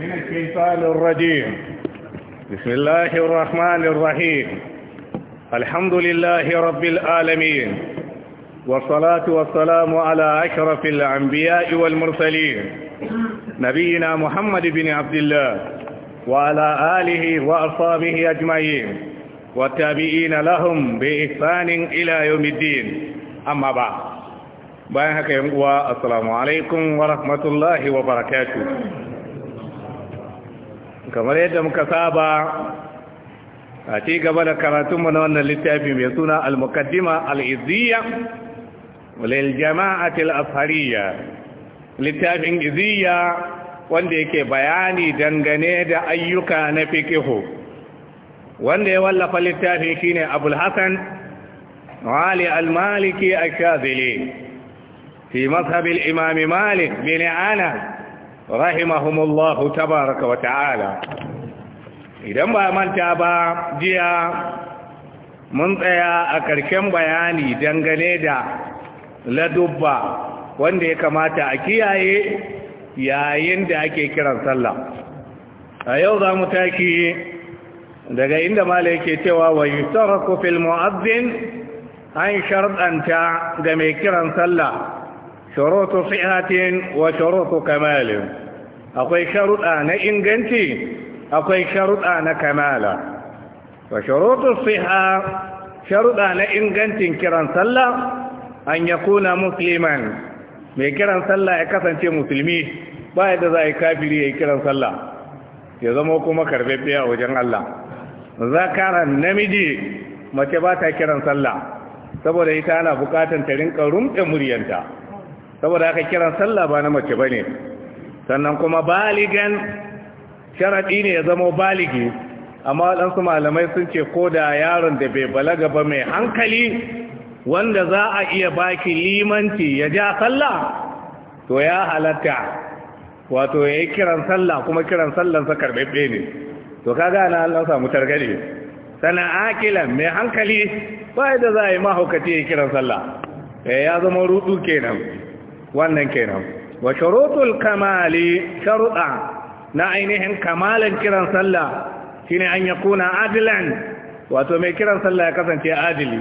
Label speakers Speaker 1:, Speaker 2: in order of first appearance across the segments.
Speaker 1: من الشيطان الرجيم بسم الله الرحمن الرحيم الحمد لله رب العالمين والصلاة والسلام على أشرف الأنبياء والمرسلين نبينا محمد بن عبد الله وعلى آله وأصحابه أجمعين والتابعين لهم بإحسان إلى يوم الدين أما بعد bayan haka yan uwa assalamu alaikum kamar yadda muka saba a ci gaba da karatunmu na wannan littafi mai suna al-muqaddima al-izziya lil jama'ati al-ashariyya littafin Iziyya wanda yake bayani dangane da ayyuka na fiqhu wanda ya wallafa littafin shine Abul Hasan Ali al-Maliki al-Shazili fi mazhab al-Imam Malik bin Anas rahimahumullahu tabaraka wa ta'ala idan ba manta ba jiya mun tsaya a ƙarshen bayani dangane da ladubba wanda ya kamata a kiyaye yayin da ake kiran sallah a yau za mu taki daga inda mala yake cewa wa yusarraku fil mu'azzin an sharɗanta ga mai kiran sallah shurutu sihatin wa shurutu kamalin akwai sharuɗa na inganci akwai sharuɗa na kamala wa shurutu siha sharuɗa na ingancin kiran sallah an yakuna musliman mai kiran sallah ya kasance musulmi ba yadda za a yi kafiri ya yi kiran sallah ya zama kuma karbebbe biya wajen Allah zakaran namiji mace ba ta kiran sallah saboda ita na bukatan ta rinka rumɗe muryarta. saboda aka kiran sallah ba na mace bane sannan kuma baligan sharaɗi ne ya zama baligi amma waɗansu malamai sun ce ko da yaron da bai balaga ba mai hankali wanda za a iya baki limanci ya ja sallah to ya halatta wato ya yi kiran sallah kuma kiran sallansa karɓaɓɓe ne to kaga na Allah samu targaɗe sana akilan mai hankali ba da za a yi mahaukaci ya kiran sallah eh, ya zama rudu kenan wannan kenan wa shurutul kamali shar'a na ainihin kamalan kiran sallah shine an yakuna adilan wato mai kiran sallah ya kasance adili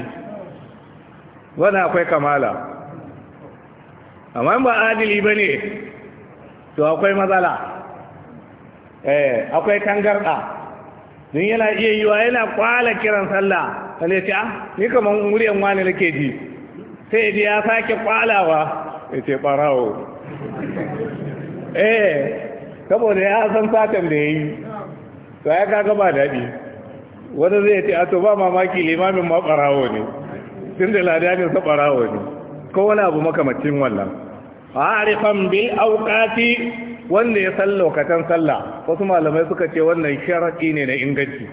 Speaker 1: wannan akwai kamala amma ba adili ba ne to akwai matsala eh akwai tangarɗa din yana iya yiwa yana kwala kiran sallah sai ce ah ni kaman muryan wani nake ji sai ya sake kwalawa ce ɓarawo eh saboda ya san satan da ya yi to ya kaga ba daɗi wanda zai ce a to ba mamaki limamin ma ɓarawo ne tun da ladanin sa ɓarawo ne ko wani abu makamacin wannan a arifan bil auqati wanda ya san lokacin sallah wasu malamai suka ce wannan sharadi ne na inganci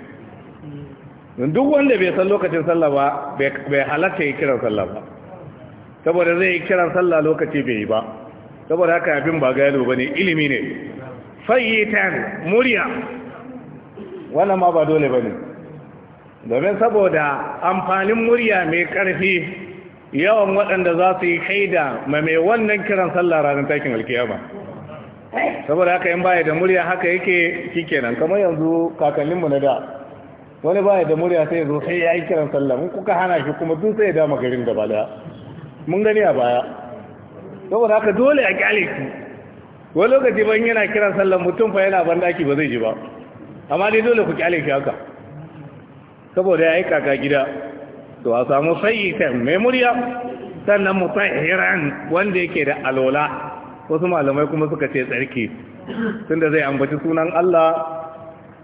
Speaker 1: duk wanda bai san lokacin sallah ba bai halatta ya kiran sallah ba saboda zai yi kiran sallah lokaci bai yi ba saboda haka abin ba gado ba ne ilimi ne fayyitan murya wannan ma ba dole ba ne domin saboda amfanin murya mai ƙarfi yawan waɗanda za su yi haida ma mai wannan kiran sallah ranar takin alkiyama saboda haka yin baya da murya haka yake nan kamar yanzu kakanninmu na da wani baya da murya sai zo sai ya yi kiran sallah in kuka hana shi kuma duk sai ya dama garin da daya mun gani a baya saboda haka dole a kyale su wani lokaci ban yana kiran sallan mutum fa yana ban daki ba zai ji ba amma dai dole ku kyale ki haka saboda ya yi kaka gida to a samu sayi mai murya sannan mutahiran wanda yake da alola wasu malamai kuma suka ce tsarki tunda zai ambaci sunan Allah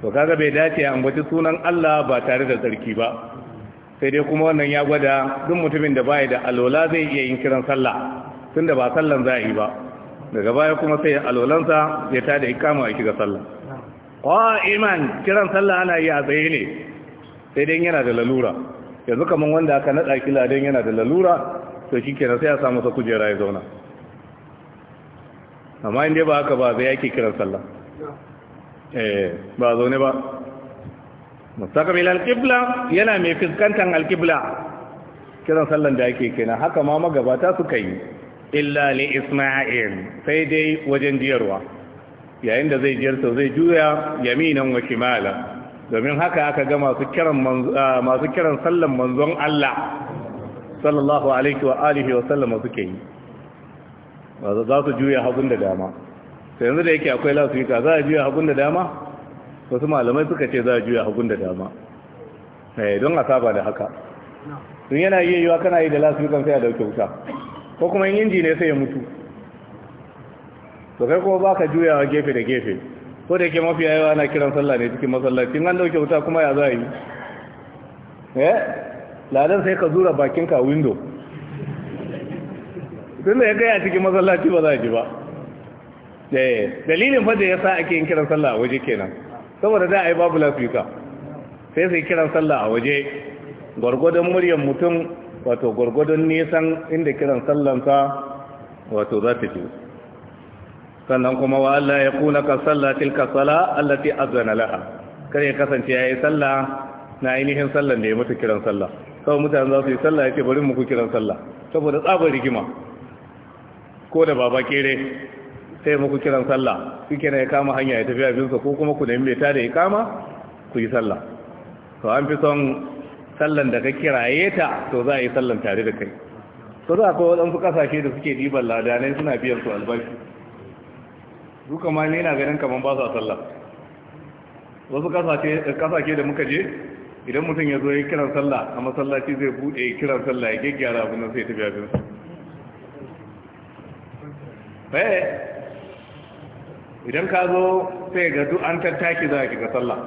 Speaker 1: to kaga bai dace ya ambaci sunan Allah ba tare da tsarki ba sai dai kuma wannan ya gwada duk mutumin da bai da alola zai iya yin kiran sallah tun da ba sallan za a yi ba daga baya kuma sai alolansa ya ta da ikama a shiga sallah ƙwa'iman kiran sallah ana yi a tsaye ne sai dai yana da lalura yanzu kamar wanda aka naɗa kila don yana da lalura to shi kenan sai ya samu sa kujera ya zauna amma inda ba haka ba zai yake kiran sallah eh, ba zaune ba mustaqbil alqibla yana mai al alqibla kiran sallan da yake kenan haka ma magabata suka yi illa li isma'il sai dai wajen jiyarwa yayin da zai jiyar zai juya yaminan wa shimala domin haka aka ga masu kiran ah, masu kiran sallan manzon Allah sallallahu alaihi wa alihi wa sallama suke yi za su juya hagun da dama sai yanzu da yake akwai lasifika za a juya hagun da dama wasu malamai suka ce za a juya hagun da dama eh, don a saba da haka sun yana iya yiwa kana yi da lasirukan sai a dauke wuta ko kuma yin inji ne sai ya mutu to kai kuma juya juyawa gefe da gefe ko da ke mafi yawa ana kiran sallah ne cikin masallaci an dauke wuta kuma ya za a yi eh ladan sai ka zura bakin ka window tun da ya gaya cikin masallaci ba za a ji ba eh, dalilin fadda da sa ake yin kiran sallah a waje kenan saboda za a yi babu lafika sai sai kiran sallah a waje gwargwadon muryar mutum wato gwargwadon nisan inda kiran sallansa wato za ta ji sannan kuma wa Allah ya kuna ka sallah tilka sala allati azana laha kare ya kasance yayi sallah na ainihin sallan da ya mutu kiran sallah sau mutane za su yi sallah ya ce bari muku kiran sallah saboda tsabar rigima ko da baba kere sai muku kiran sallah shi kenan ya kama hanya ya tafi abinsa ko kuma ku nemi ta tada ya kama ku yi sallah to an fi son sallan da ka kiraye ta to za a yi sallan tare da kai to za ka waɗansu ƙasashe da suke ɗiban ladanai suna biyan su albashi duka ma ne na ganin kamar ba sa sallah wasu ƙasashe da muka je idan mutum ya zo ya kiran sallah a masallaci zai buɗe kiran sallah ya gyaggyara abin nan sai ta biya abinsa eh, idan ka zo sai ga duk an tattaki za a kika sallah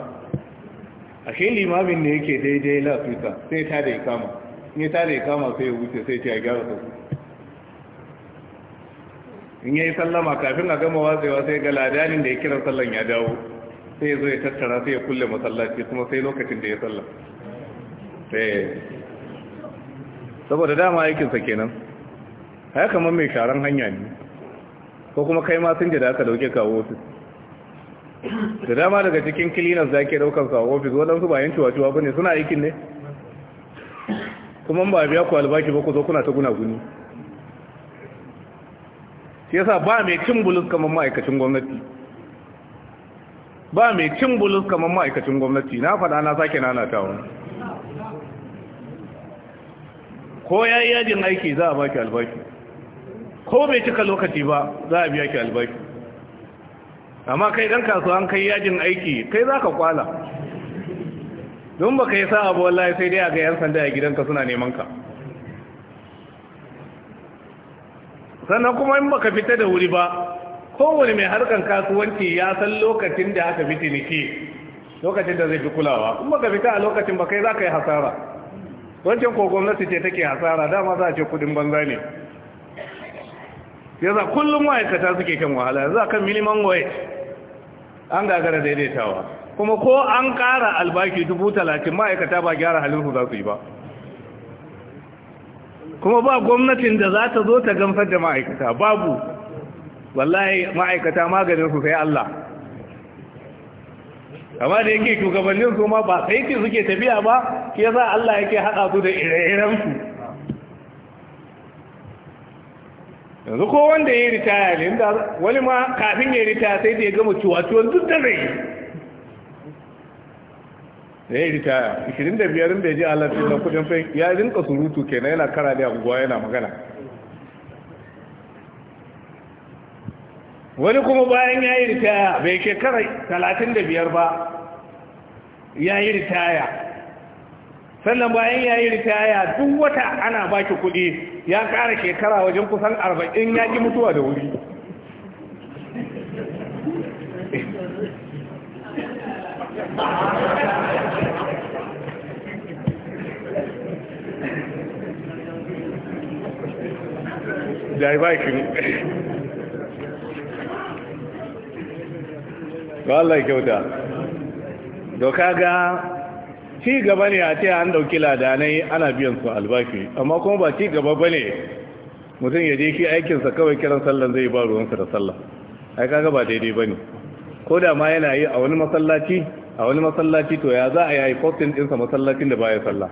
Speaker 1: shi limamin ne yake daidai lafisa sai ta da ikama yi ta da ikama sai ya wuce sai ce a gyara su in yi sallama kafin a gama watsewa sai ga ladanin da ya kira sallan ya dawo sai ya zo ya tattara sai ya kulle masallaci kuma sai lokacin da ya sallah eh. sai saboda dama aikinsa kenan haka kamar mai sharan hanya ne ko kuma kai ma sun da aka dauke ka ofis da dama daga cikin cleaners da ake daukar sa ofis waɗansu ba yan cuwa-cuwa bane suna aikin ne kuma ba biya ku albaki ba ku zo kuna ta guna-guni shi yasa ba mai cin bulus kamar ma'aikacin gwamnati ba mai cin bulus kamar ma'aikacin gwamnati na faɗa na sake wani. ko ya yi yajin aiki za a baki albaki ko bai cika lokaci ba za a biya ki albashi amma kai dan kasuwa kai yajin aiki kai za ka kwala don ba ka yi sa'a ba wallahi sai dai a ga yan sanda a gidanka suna neman ka sannan kuma in ba ka fita da wuri ba kowane mai harkar kasuwanci ya san lokacin da aka fi ciniki lokacin da zai fi kulawa in baka fita a lokacin ba kai za ka yi hasara wancan ko gwamnati ce take hasara dama za a ce kudin banza ne yasa kullum ma'aikata suke kan wahala za kan minimum wage an gagara daidaitawa kuma ko an ƙara albaki dubu talatin ma'aikata ba gyara halinku za su yi ba kuma ba gwamnatin da za ta zo ta gamsar da ma'aikata babu wallahi ma'aikata maganin su sai Allah amma da yake shugabannin su ma ba sai suke tafiya ba
Speaker 2: ke za Allah yake haɗa su da
Speaker 1: ire su. yanzu ko wanda ya yi ritaya ne inda wani ma kafin ya yi ritaya sai da ya gama ciwaciwon duk da zai da ya yi ritaya 25 bai ji alafi na kudin fai ya rinka surutu kenan yana kara da guguwa yana magana wani kuma bayan ya yi ritaya bai shekara 35 ba ya yi ritaya sannan bayan ya yi ritaya duk wata ana ba ki kudi ya kara shekara wajen kusan arba'in ya ji mutuwa da wuri diversion
Speaker 2: ba kyauta doka ga
Speaker 1: ci gaba ne a ce an dauki ladanai ana biyan su albashi amma kuma ba ci gaba bane mutum ya je ki aikinsa kawai kiran sallan zai ba ruwansa da sallah ai kaga ba daidai bane ko da ma yana yi a wani masallaci a wani masallaci to ya za a yi postin ɗinsa masallacin da ba ya sallah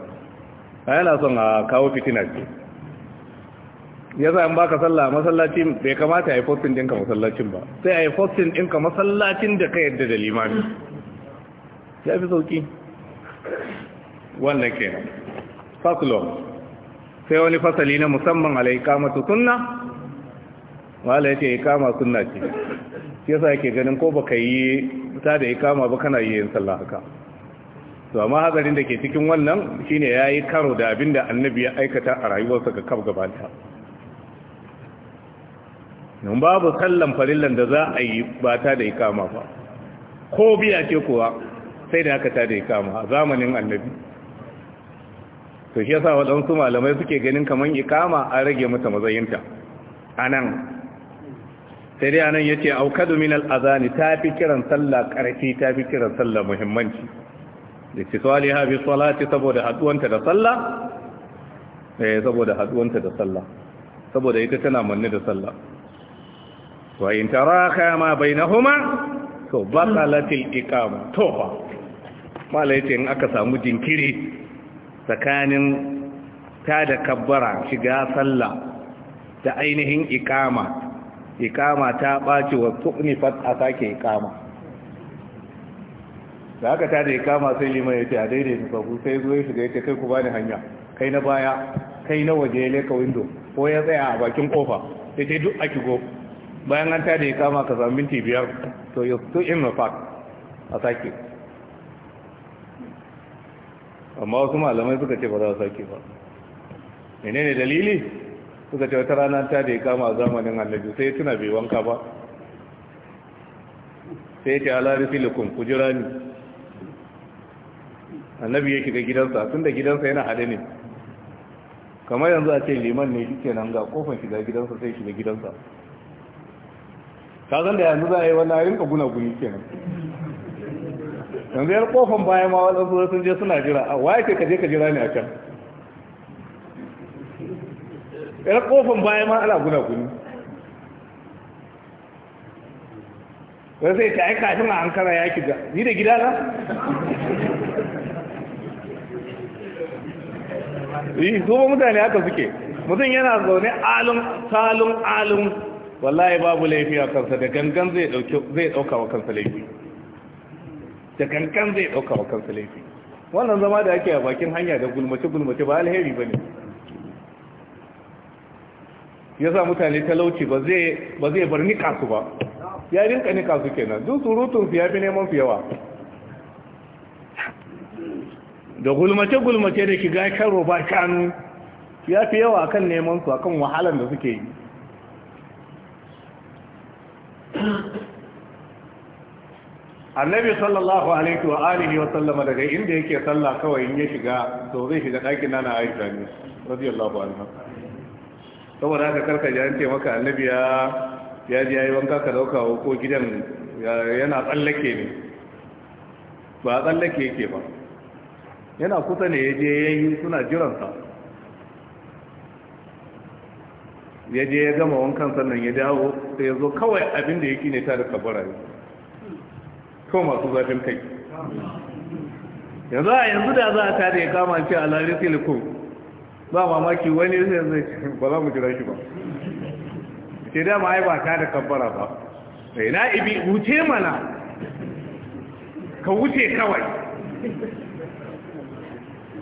Speaker 1: a yana son a kawo fitina ce ya za in baka sallah masallaci bai kamata a yi postin ɗinka masallacin ba sai a yi postin ɗinka masallacin da ka yadda da limami ya fi sauki wannan ke, faslon sai wani fasali na musamman kama ta sunna wala yake ikama sunna ce sa yake ganin ko baka yi ta da ikama ba kana yi yin sallah haka su amma da ke cikin wannan shine yi karo da abinda annabi ya aikata a rayuwarsa ga kaf gabata nun babu sallan farillan da za a yi ba ta da ikama ba ko biya ce kuwa sai da aka tada ikama a zamanin annabi to shi yasa waɗansu malamai suke ganin kamar ikama a rage mata mazayinta a nan sai dai anan ce aukadu min al-azani tafi kiran sallah ta tafi kiran sallah muhimmanci litisaliha bi ce saboda haɗuwanta da sallah eh saboda haɗuwanta da sallah saboda ita tana manne da sallah wa in taraka ma bainahuma to basalatil iqama to fa mala yace in aka samu jinkiri tsakanin ta da kabbara shiga sallah da ainihin ikama ikama ta ɓaci wa tukni a sake ikama da aka ta da ikama sai liman ya ce a daidai da babu sai zuwa shiga ya ce kai ku bani hanya kai na baya kai na waje ya leka windo ko ya tsaya a bakin kofa ya ce duk a kigo bayan an ta da ikama ka samu minti biyar to ya su in a sake amma wasu malamai suka ce ba za su sake ba menene dalili suka ce wata rana ta da ya kama a zamanin annabi sai tuna bai wanka ba sai ce alari silikon ku jira ni annabi ya shiga gidansa tun da gidansa yana haɗe ne kamar yanzu a ce liman ne shi kenan ga kofin shiga gidansa sai shiga gidansa ka zan da yanzu za a yi wani ayin ka guna guni kenan yanzu yar kofan baya ma waɗansu sun je suna jira a waye ke kaje ka jira ne a can yar kofan baya ma ala guna guni wai sai ta yi kafin a hankara ya ki ga ni da gida na yi zuwa mutane haka suke mutum yana zaune alun salun alun wallahi babu laifi a kansa da gangan zai dauka wa kansa laifi da kankan zai dauka wa kansa laifi wannan zama da ake a bakin hanya da gulmace-gulmace ba alheri ba ne ya sa mutane talauci ba zai bar nika su ba ya rinka nika su kenan duk surutun su ya fi neman su yawa da gulmace-gulmace da shiga karo ba shanu ya fi yawa kan neman su akan wahalar da suke yi annabi sallallahu alaihi wa alihi wa sallama daga inda yake sallah kawai in ya shiga to zai shiga ɗakin nana aisha ne radiyallahu anha saboda haka karka ji an ce maka annabi ya ya ji yayi wanka ka dauka ko gidan yana tsallake ne ba tsallake yake ba yana kusa ne ya je yayi suna jiran ya je ya gama wankan sannan ya dawo sai ya zo kawai abin da yake ne ta da ne kawai masu zafin kai yanzu a yanzu da za a tare ya kama ce a larin silikon ba mamaki wani yanzu yanzu ba za mu jira shi ba ce da ma ba ta da kabbara ba sai na ibi wuce mana ka wuce kawai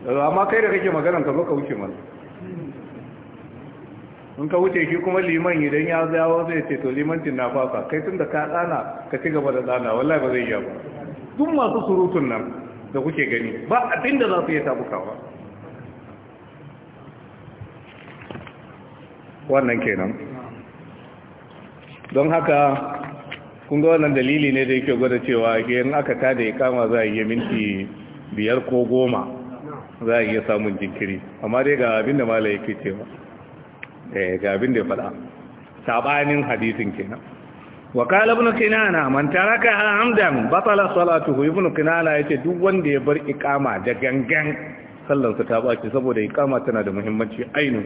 Speaker 1: amma kai da kake maganan ka zo ka wuce mana in ka wuce shi kuma liman idan ya zawo zai ce to limancin na fasa kai tun da ka tsana ka ci gaba da tsana wallahi ba zai yi ba duk masu surutun nan da kuke gani ba abin da za su yi tabukawa wannan kenan don haka kun ga wannan dalili ne da yake gwada cewa yin aka tada ya kama za a yi minti biyar ko goma za a iya samun jinkiri amma dai ga abin da mala ke cewa Eh, ga abin da ya faɗa sabanin hadisin kenan wa kala ibn kinana man taraka amdan batala salatuhu ibn kinana yace duk wanda ya bar iqama da gangan sallarsa ta baki saboda iqama tana da muhimmanci ainu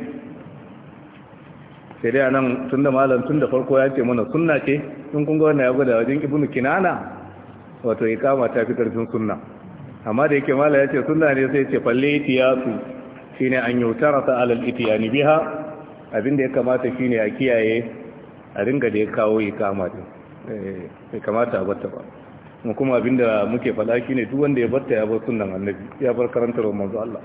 Speaker 1: sai dai anan tunda malam tunda farko ya ce mana sunna ce in kun ga wannan ya gwada wajen ibn kinana wato iqama ta fi karfin sunna amma da yake malam ya ce sunna ne sai ya ce falle tiyasu shine an yutara ta alal itiyani biha abinda ya kamata shi ne a kiyaye a ringa da ya kawo kama da ya kamata a bata ba kuma abinda muke fada ne duk wanda ya barta ya bar sunan annabi ya bar karantar manzo Allah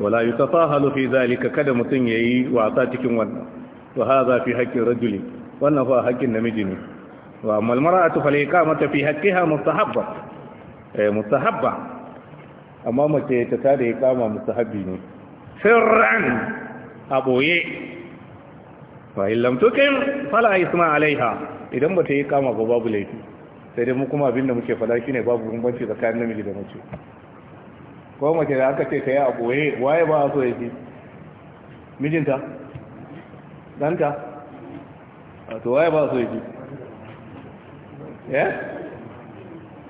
Speaker 1: wala yutafahalu fi zalika kada mutun yayi wasa cikin wannan wa hadha fi haqqi rajuli wannan fa haƙin namiji ne wa amma almar'atu fal iqamatu fi haqqiha mustahabba eh mustahabba amma mace ta tada iqama mustahabbi ne sirran a ɓoye fa illam tukin fala isma alaiha idan ba ta yi kama ba babu laifi sai dai mu kuma abin da muke fada shine babu bambanci tsakanin namiji da mace ko mace da aka ce ta yi a ɓoye waye ba a so ya fi mijinta ɗanta to waye ba a so ya ya eh?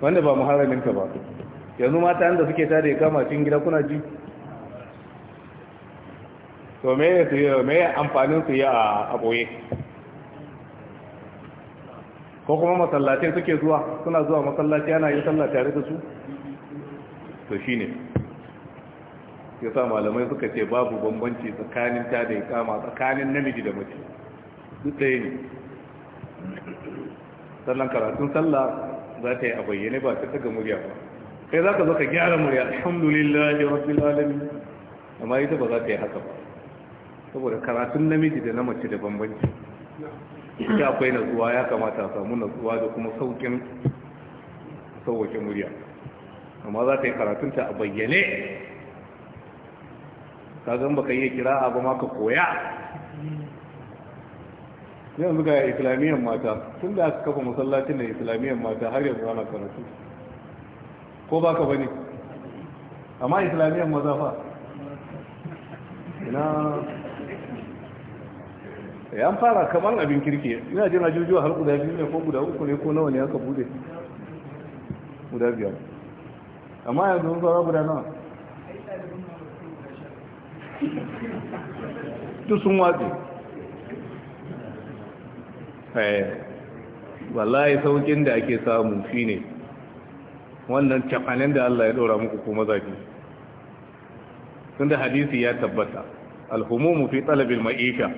Speaker 1: wanda ba muharraminka ba yanzu mata da suke tare ya kama cikin gida kuna ji to me su me amfanin su yi a boye ko kuma masallaci suke zuwa suna zuwa masallaci ana yin sallah tare da su to shine sa malamai suka ce babu bambanci tsakanin ta da ikama tsakanin namiji da mace duk ɗaya ne sannan karatun sallah za ta yi a bayyane ba ta daga murya ba kai za ka zo ka gyara murya ya rabbi alamin amma ita ba za ta yi haka ba saboda karatun namiji da na mace da bambanci ita akwai natsuwa ya kamata a samu natsuwa da kuma saukin sauwake murya amma za ta yi karatunta a bayyane ka zan baka iya kira abu ma ka koya yanzu ga islamiyyar mata tun da aka kafa masallacin da islamiyyar mata har yanzu ana karatu ko ba ka bane amma islamiyyar maza fa ina ya eh, fara kamar abin kirki ina jin ajujuwa har guda biyu ne ko guda uku ne ko nawa ne aka bude guda biyar amma yanzu sun zama guda nawa duk sun watsi eh, wallahi saukin da ake samu shi ne wannan cafanin da Allah ya dora muku kuma zafi tun da hadisi ya tabbata alhumumu fi talabil ma'isha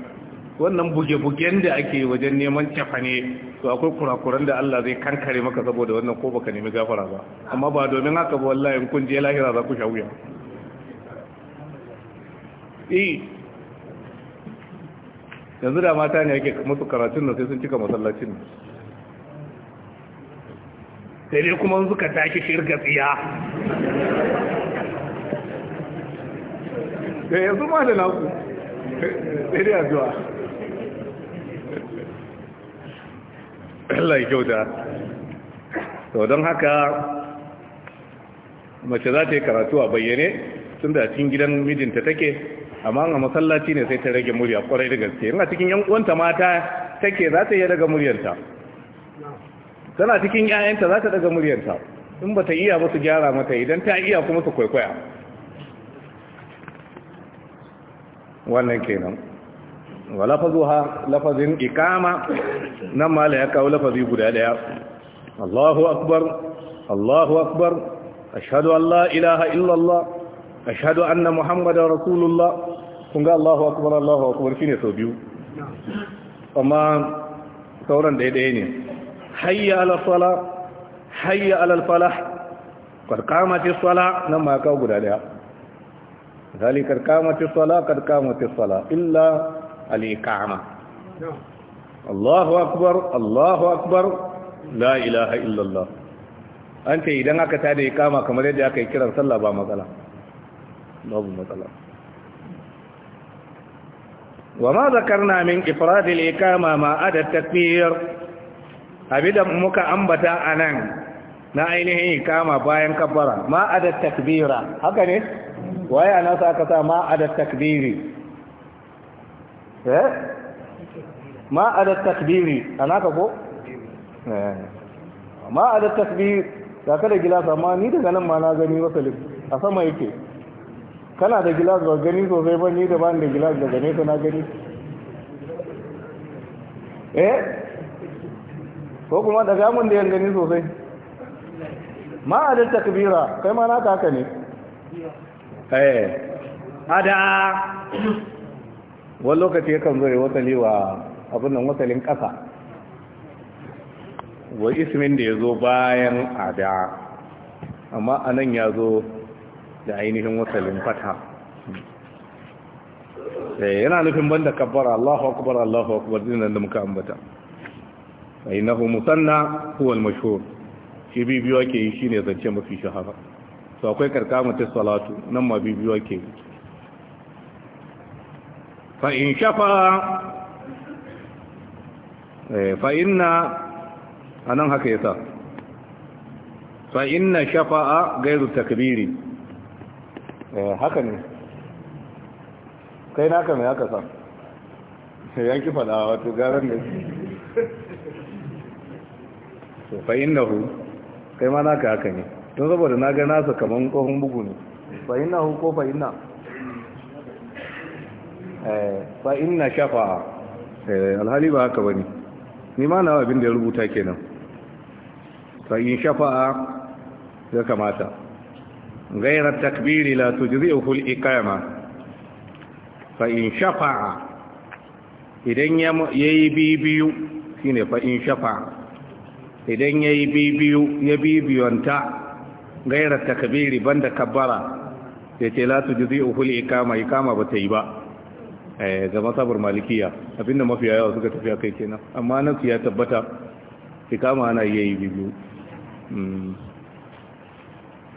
Speaker 1: wannan buge-bugen da ake wajen neman cafa ne to akwai kurakuran da Allah zai kankare maka saboda wannan ko baka nemi gafara ba amma ba domin haka ba wallahi kun je lahira za ku sha wuya eh yanzu da mata ne yake musu karatun da sai sun cika masallacin sai dai kuma suka tashi shirga tsiya da eh, yanzu ma da naku
Speaker 2: sai dai addu'a
Speaker 1: Allah ya kyauta to don haka mace za ta yi karatu a bayyane tun da cikin gidan mijinta take amma a masallaci ne sai ta rage murya kwarai da gaske yana cikin yan uwanta mata take za ta iya daga muryanta tana cikin 'ya'yanta za ta daga muryanta in ba ta iya ba su gyara mata idan ta iya kuma su kwaikwaya wannan kenan wa lafazuha lafazin ikama nan mala ya kawo lafazi guda daya Allahu akbar Allahu akbar ashhadu an la ilaha illallah ashhadu anna muhammadar rasulullah kun ga Allahu akbar Allahu akbar shine sau biyu amma sauran daidai ne hayya ala sala hayya ala falah qad qamati sala nan ma ka guda daya zalikar kamati sala kad kamati sala illa al'iƙama Allahu akbar Allahu akbar la ilaha illallah an ce idan aka tada iƙama kamar yadda aka yi kiran sallah ba matsala babu matsala wa ma zakarna min ifradil iqama ma ada takbir abida muka ambata nan na ainihin kama bayan kabbara ma takbira haka ne Waya na sa aka sa ma takbiri eh ma ala takbiri anaka ko eh ma ala ka da kada gilas amma ni daga nan ma na gani wasalin a sama yake kana da gilas ba gani sosai ba ni da ba da gilas daga nesa na gani eh ko kuma daga mun da yan gani sosai
Speaker 2: ma adal takbira kai ma
Speaker 1: na taka ne eh ada wani lokaci ya zo ya wasali wa abinnan wasalin ƙasa wa ismin da ya zo bayan ada amma a nan ya zo da ainihin wasalin fata eh, yana nufin banda kabbara Allahu akubar, Allahu akubar, zinan da muka ambata hu musanna huwa al shi bibiyo ke yi shi ne zance mafi shahara to akwai karkamun ta salatu nan ma bibiyo ke yi فإن شفع فإن أنا هكذا فإن شفع غير التكبير هكذا kai naka mai haka sa ya ki fada wato garan da su fa'in na kai ma naka haka ne saboda na ga nasa kamar tsohon bugu ne fa'in na ko fa'in Eh, fa inna shafa eh, alhali ba haka bane ni ma na abin da ya rubuta kenan fa in shafa'a ya kamata Gairar takbiri la tujzi'uhu al-iqama fa in shafa'a idan yayi bibiyu shine fa in shafa'a idan yayi bibiyu ya bibiyonta Gairar takbiri banda kabbara yace la tujzi'uhu al-iqama iqama ta yi ba Eh, ga masabar malikiya abinda mafiya yawa suka a kai kenan amma nan su ya tabbata kama ana iya yi biyu hmm.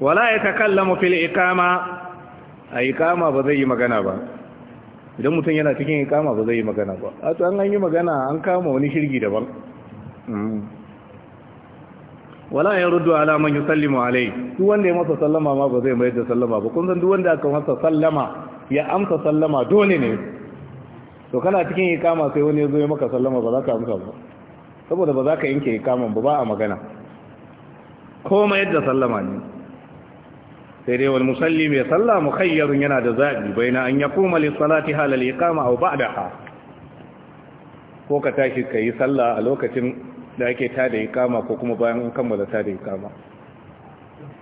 Speaker 1: wala ya kallama fil ikama a ikama ba zai yi magana ba idan mutum yana cikin ikama ba zai yi magana ba a to an yi magana an kama wani shirgi daban hmm. wala ya ruddu alaman yi sallima alai duk wanda ya masa sallama ma ba zai mai da sallama ba kun san duk wanda aka masa sallama ya amsa sallama dole ne to kana cikin ikama sai wani ya zo ya maka sallama ba za ka amsa ba saboda ba za ka yanke ikaman ba ba a magana koma yadda sallama ne sai dai wal musalli mai sallama mukhayyarun yana da zabi baina an yaquma lis salati halal iqama aw ba'daha ko ka tashi kai salla a lokacin da ake tada ikama ko kuma bayan an kammala tada ikama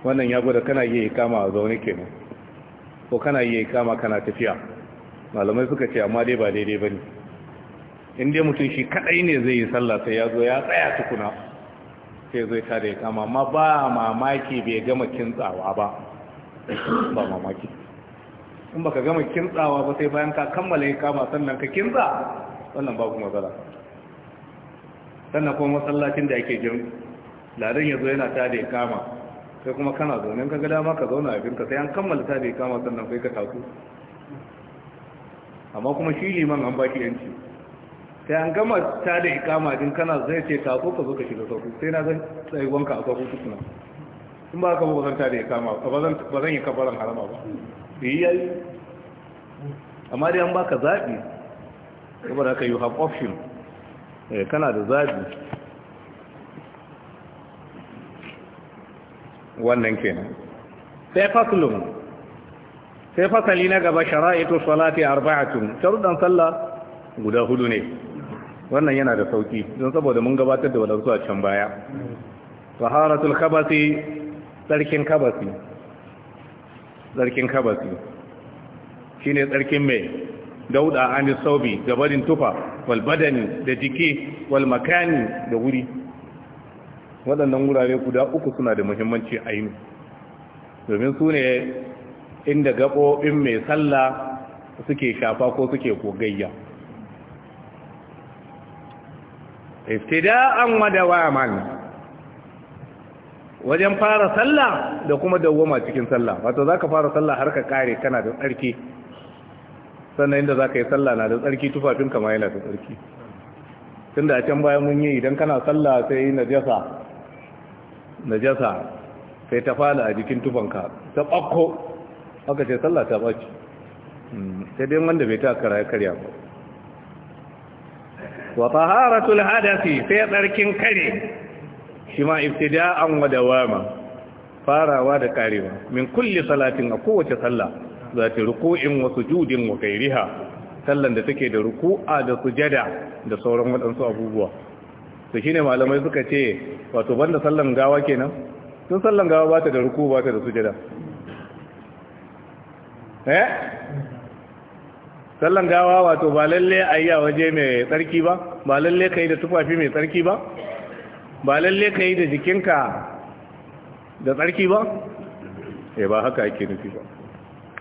Speaker 1: wannan ya gwada kana yi ikama a zaune kenan ko kana yi ikama kana tafiya malamai suka ce amma dai ba daidai ba ne inda mutum shi kadai ne zai yi sallah sai ya zo ya tsaya tukuna sai zai tare ya kama ma ba mamaki bai gama kintsawa ba ba mamaki in baka gama kintsawa ba sai bayan ka kammala ya kama sannan ka kintsa wannan ba ku matsala sannan kuma masallacin da ake jin larin ya zo yana tare ya kama sai kuma kana zaune ka ga dama ka zauna a binka sai an kammala tare ya kama sannan kai ka taso amma kuma shi liman an baki yanci
Speaker 3: sai an gama ta da ikama din kana zai ce ta ko ka zo ka shiga sauku
Speaker 1: sai na zan tsaye wanka a sauku suna. in ba ka zan ta da ikama ba zan yi kafaran harama ba yi yayi amma dai an baka zaɓi kuma da ka yi have option eh, kana da zaɓi wannan kenan sai fasulun sai fasali na gaba shara'itu salati arba'atun sharudan sallah guda hudu ne wannan yana da sauki don saboda mun gabatar da wadansu a can baya taharatul khabasi tsarkin khabasi tsarkin khabasi shine tsarkin mai dauda an saubi barin tufa wal badani da jiki wal makani da wuri waɗannan wurare guda uku suna da muhimmanci yi domin su ne inda gaɓoɓin mai sallah suke shafa ko suke kogayya istida'an mani wajen fara sallah da kuma dawwama cikin sallah wato zaka fara sallah har ka kare kana da tsarki sannan inda zaka yi sallah na da tsarki tufafin kama yana da tsarki tunda a can bayan mun yi idan kana sallah sai najasa najasa sai ta fala a jikin tufanka ta ɓakko. aka ce sallah ta ɓace? Hmm, sai dai wanda bai ta kara ya karya ba wa taharatul hadasi sai tsarkin kare shi ma ibtida'an wa dawama farawa da karewa min kulli salatin a kowace sallah za ta ruku'in wa sujudin wa gairiha sallan da take da ruku'a da sujada da sauran waɗansu abubuwa to shine malamai suka ce wato banda sallan gawa kenan tun sallan gawa ba ta da ruku ba ta da sujada eh sallan gawa wato ba lalle a a waje mai tsarki ba ba lalle ka yi da tufafi mai tsarki ba ba lalle ka yi da jikinka da tsarki ba eh ba haka ake nufi ba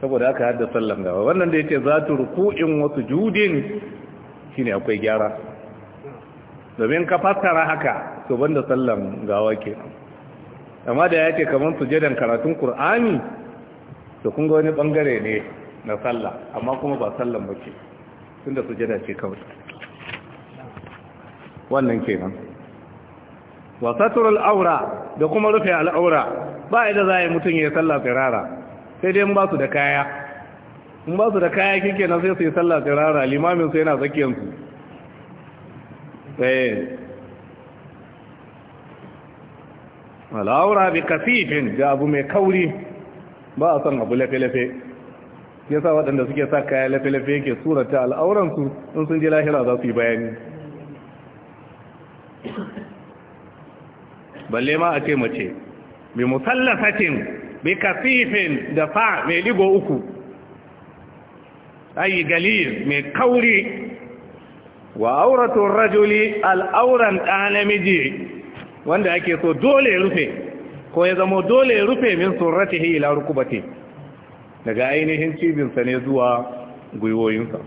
Speaker 1: saboda aka hada sallan gawa wannan da yake za ta ruku'in wasu judin shine akwai gyara domin ka fassara haka to banda sallan gawa ke amma da yake kamar sujadan karatun Kur'ani. to kun ga wani bangare ne na sallah amma kuma ba sallan bace tunda sujada ce kawai wannan kenan wa satrul awra da kuma rufe al'aura ba za yi mutun ya sallah tsirara sai dai mun ba su da kaya Mun ba su da kaya kike nan sai su yi sallah tsirara limamin su yana zakiyan su sai eh. al'aura bi kasifin da abu mai kauri ba a son abu lafe-lafe ya sa waɗanda suke sa kaya lafe-lafe ke surata al'auransu in sun ji lahira za su yi bayani balle ma a ce mace bi musallafacin bi kasifin da fa mai ligo uku ayi galil mai kauri wa auratun rajuli al'auran ɗa namiji wanda ake so dole rufe ko ya zama dole ya rufe min hi ila rukubati daga ainihin cibinsa ne zuwa gwiwoyinsa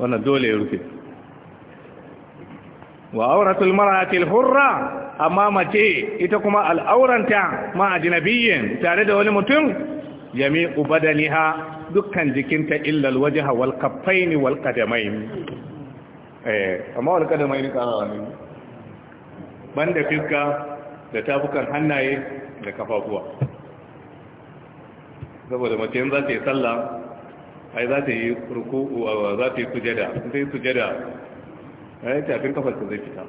Speaker 1: wannan dole ya rufe wa auratul mar'atil hurra amma mace ita kuma al'auranta ma ajnabiyyin tare da wani mutum yami ubadaniha dukkan jikinta illa alwajha wal kaffain wal qadamain eh amma wal qadamain ka banda fiska da tafukan hannaye da kafafuwa saboda mace yin za ta yi sallah ai za ta yi ruku za ta yi sujada ta yi sujada ai tafin kafarsa zai fita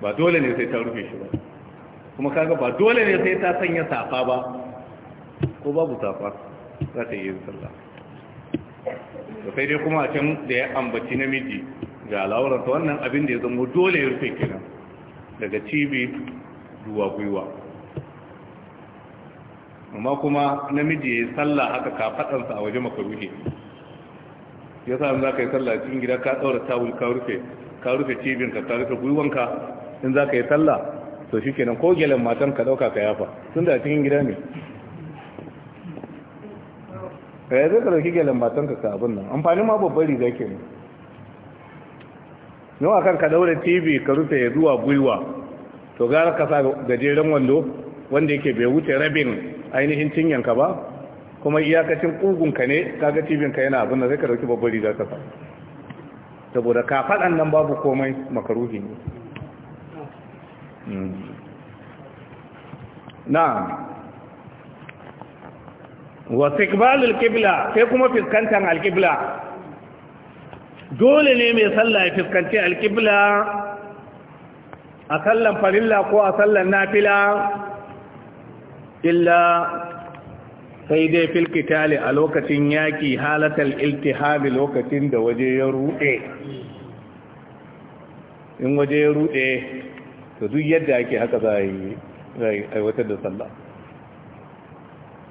Speaker 1: ba dole ne sai ta rufe shi ba kuma kaga ba dole ne sai ta sanya safa ba ko babu safa za ta yi sallah da sai dai kuma a can da ya ambaci namiji ga alawuransa wannan abin da ya zama dole ya rufe kenan daga cibi zuwa gwiwa amma kuma namiji ya yi sallah haka kafaɗansa a waje makaruhi ya sa za ka yi sallah cikin gida ka ɗaura tawul ka rufe ka rufe cibinka ka rufe gwiwanka in za ka yi sallah to shi kenan ko gelen matan ka ɗauka ka yafa sun da cikin gida ne ka eh, yi zai ka ɗauki gelen matan ka ka abin nan amfanin ma babbar riga ne. nawa kan ka daura tv ka rufe zuwa gwiwa to gara ka sa gajeren wando wanda yake bai wuce rabin ainihin cinyanka ba kuma iyakacin ƙugunka ne kaga ka yana abin da zai ka dauki babbar riga ka sa saboda ka faɗan nan babu komai makaruhi ne hmm. na wasu ikbalul kibla sai kuma fiskantar alkibla dole ne mai sallah ya fuskanci alƙibla a sallan farilla ko a sallan nafila illa sai dai filkitali a lokacin yaƙi halatar haɗi lokacin da waje ya ruɗe in waje ya ruɗe to duk yadda ake haka za a yi aiwatar da sallah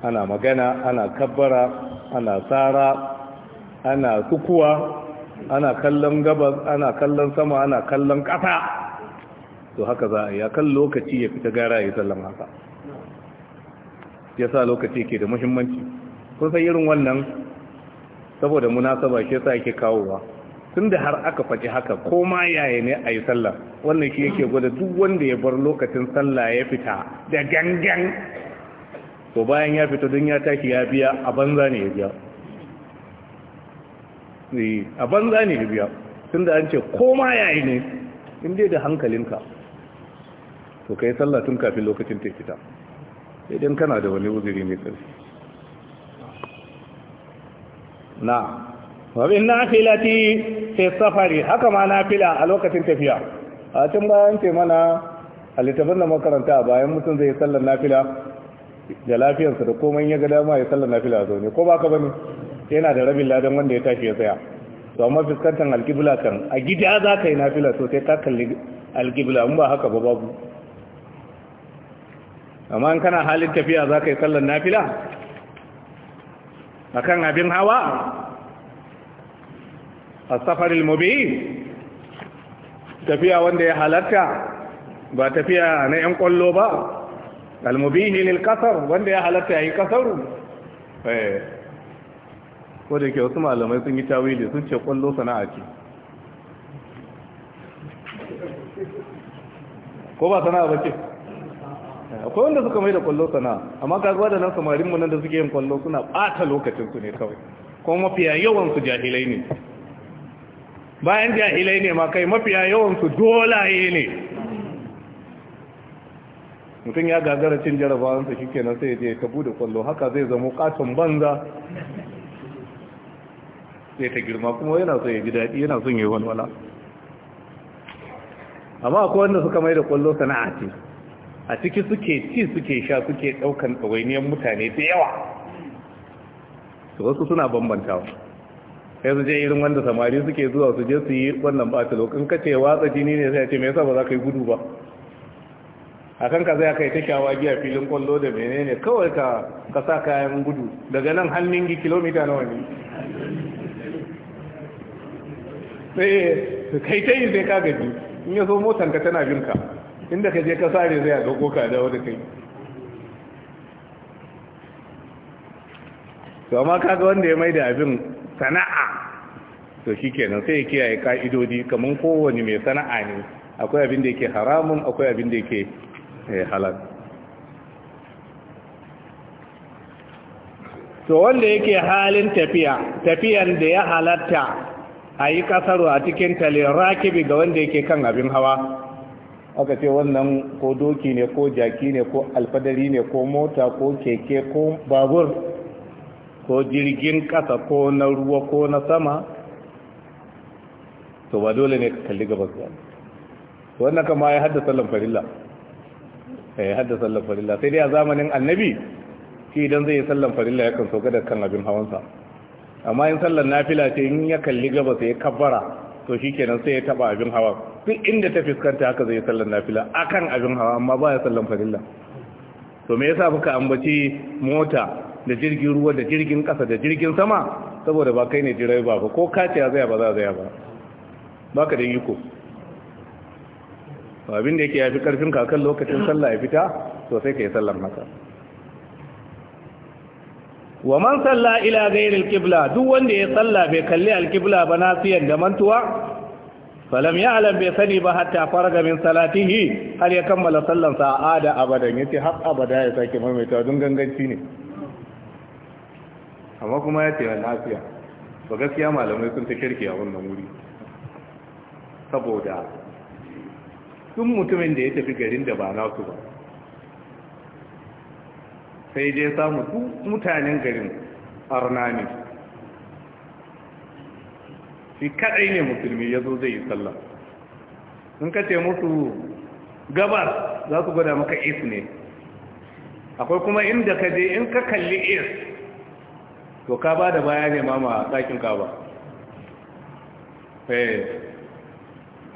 Speaker 1: ana magana ana kabbara ana tsara ana sukuwa ana kallon gabas ana kallon sama ana kallon ƙasa to haka za a yi kan lokaci ya fita gara ya sallan haka ya sa lokaci ke da muhimmanci kun san irin wannan saboda munasaba shi yasa yake kawowa tun da har aka faɗi haka ko ma yaya ne ayi yi sallah wannan shi yake gwada duk wanda ya bar lokacin sallah ya fita da gangan to bayan ya fita don ya tashi ya biya a banza ne ya biya a banza ne da biya tun da an ce koma yayi ne inda da hankalinka to ka yi sallah tun kafin lokacin ta fita idan kana da wani wuziri mai tsarki na wabin na filati fi safari haka ma na fila a lokacin tafiya a tun bayan ce mana a littafin da makaranta bayan mutum zai sallar nafila da lafiyarsa da komai ya ga dama ya sallar nafila a zaune ko ba ka bane yana da rabin ladan wanda ya tafi ya tsaya to amma fuskantar alkibla kan a gida za ka yi nafila so sai ka kalli alkibla in ba haka ba babu amma in kana halin tafiya za ka yi sallar nafila a kan abin hawa a safarin mobi tafiya wanda ya halatta ba tafiya na 'yan kwallo ba almubihi lil kasar wanda ya halatta ya yi kasaru eh. ko da ke wasu malamai sun yi tawili sun ce kwallo sana'a ce
Speaker 2: ko ba sana'a ba ce
Speaker 1: akwai wanda suka mai da kwallo sana'a amma ka da nan samarin mu nan da suke yin kwallo suna bata lokacin su ne kawai kuma mafiya yawan su jahilai ne bayan jahilai ne ma kai mafiya yawan su dolaye ne mutum ya gagara cin jarabawansa shi kenan sai ya je ka bude kwallo haka zai zama katon banza sai ta girma kuma yana so ya ji daɗi yana son ya yi wala. amma akwai wanda suka mai da kwallo sana'a ce a ciki suke ci suke sha suke ɗaukan ɗawainiyar mutane da yawa su wasu suna bambantawa sai su je irin wanda samari suke zuwa su je su yi wannan ba ta lokacin kace watsa jini ne sai ce me yasa ba za ka yi gudu ba a kan ka zai kai ta shawa biya filin kwallo da menene kawai ka ka sa kayan gudu daga nan hannun gi kilomita nawa ne sai eh, kai ta yi zai ka gaji in ya zo tana bin ka inda ka je ka sare zai a dauko ka dawo da kai to amma kaga wanda ya mai da abin sana'a to shi kenan sai ya kiyaye ka'idodi kaman kowane mai sana'a ne akwai abin da yake haramun akwai abin da yake eh, halal to wanda yake halin tafiya tafiyan da ya halatta a yi kasaru a cikin talin rakibi ga wanda yake kan abin hawa aka ce wannan ko doki ne ko jaki ne ko alfadari ne ko mota ko keke ko babur ko jirgin kasa ko na ruwa ko na sama to ba dole ne ka kalli gaba zuwa. wannan kama ya haddasa lamfarilla eh, ya haddasa lamfarilla sai dai a zamanin annabi shi idan zai yi sallan farilla yakan sauka da kan abin hawansa amma in sallar nafila ce in ya kalli gaba sai ya kabbara to shikenan sai ya taba abin hawa duk inda ta fiskanta haka zai sallar nafila akan abin hawa amma baya sallar farilla to me yasa muka ambaci mota da jirgin ruwa da jirgin kasa da jirgin sama saboda ba kai ne direba ba ko ya zaya ba za zaya ba baka da yiko abin da yake yafi karfin kakan lokacin sallah ya fita to sai ka yi sallar maka wa man salla ila ghairi al-qibla duk wanda ya salla bai kalli al-qibla ba nasiyan da mantuwa falam ya'lam bai sani ba hatta faraga min salatihi har ya kammala sallan sa ada abadan yace har abada ya sake maimaita dun ganganci ne amma kuma ya ce lafiya ba gaskiya malamai sun ta kirki a wannan wuri saboda sun mutumin da ya tafi garin da ba nasu ba sai dai samu duk mutanen garin arna ne shi kadai ne musulmi ya zo zai yi sallah in ka ce musu gabar za su gwada maka is ne akwai kuma inda ka je in ka kalli is to ka ba da baya ne ma ɗakin ka ba eh,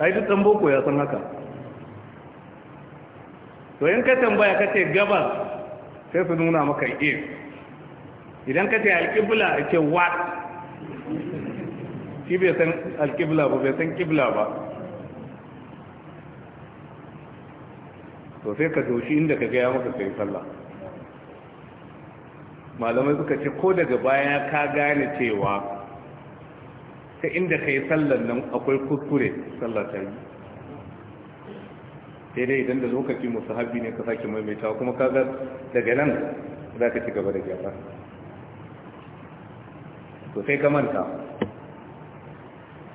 Speaker 1: ai duk ɗan boko ya san haka to in ka tambaya ka ce gabar sai su nuna maka if idan ka ce alƙibla a ce what shi bai san alƙibla ba bai san ƙibla ba to sai ka doshi inda ka gaya maka sai sallah malamai suka ce ko daga baya ka gane cewa ta inda ka yi sallan nan akwai kuskure sallah ta yi sai dai idan da lokaci musu habi ne ka sake maimaitawa kuma kaga daga nan za ka ci gaba da gyara to sai ka manta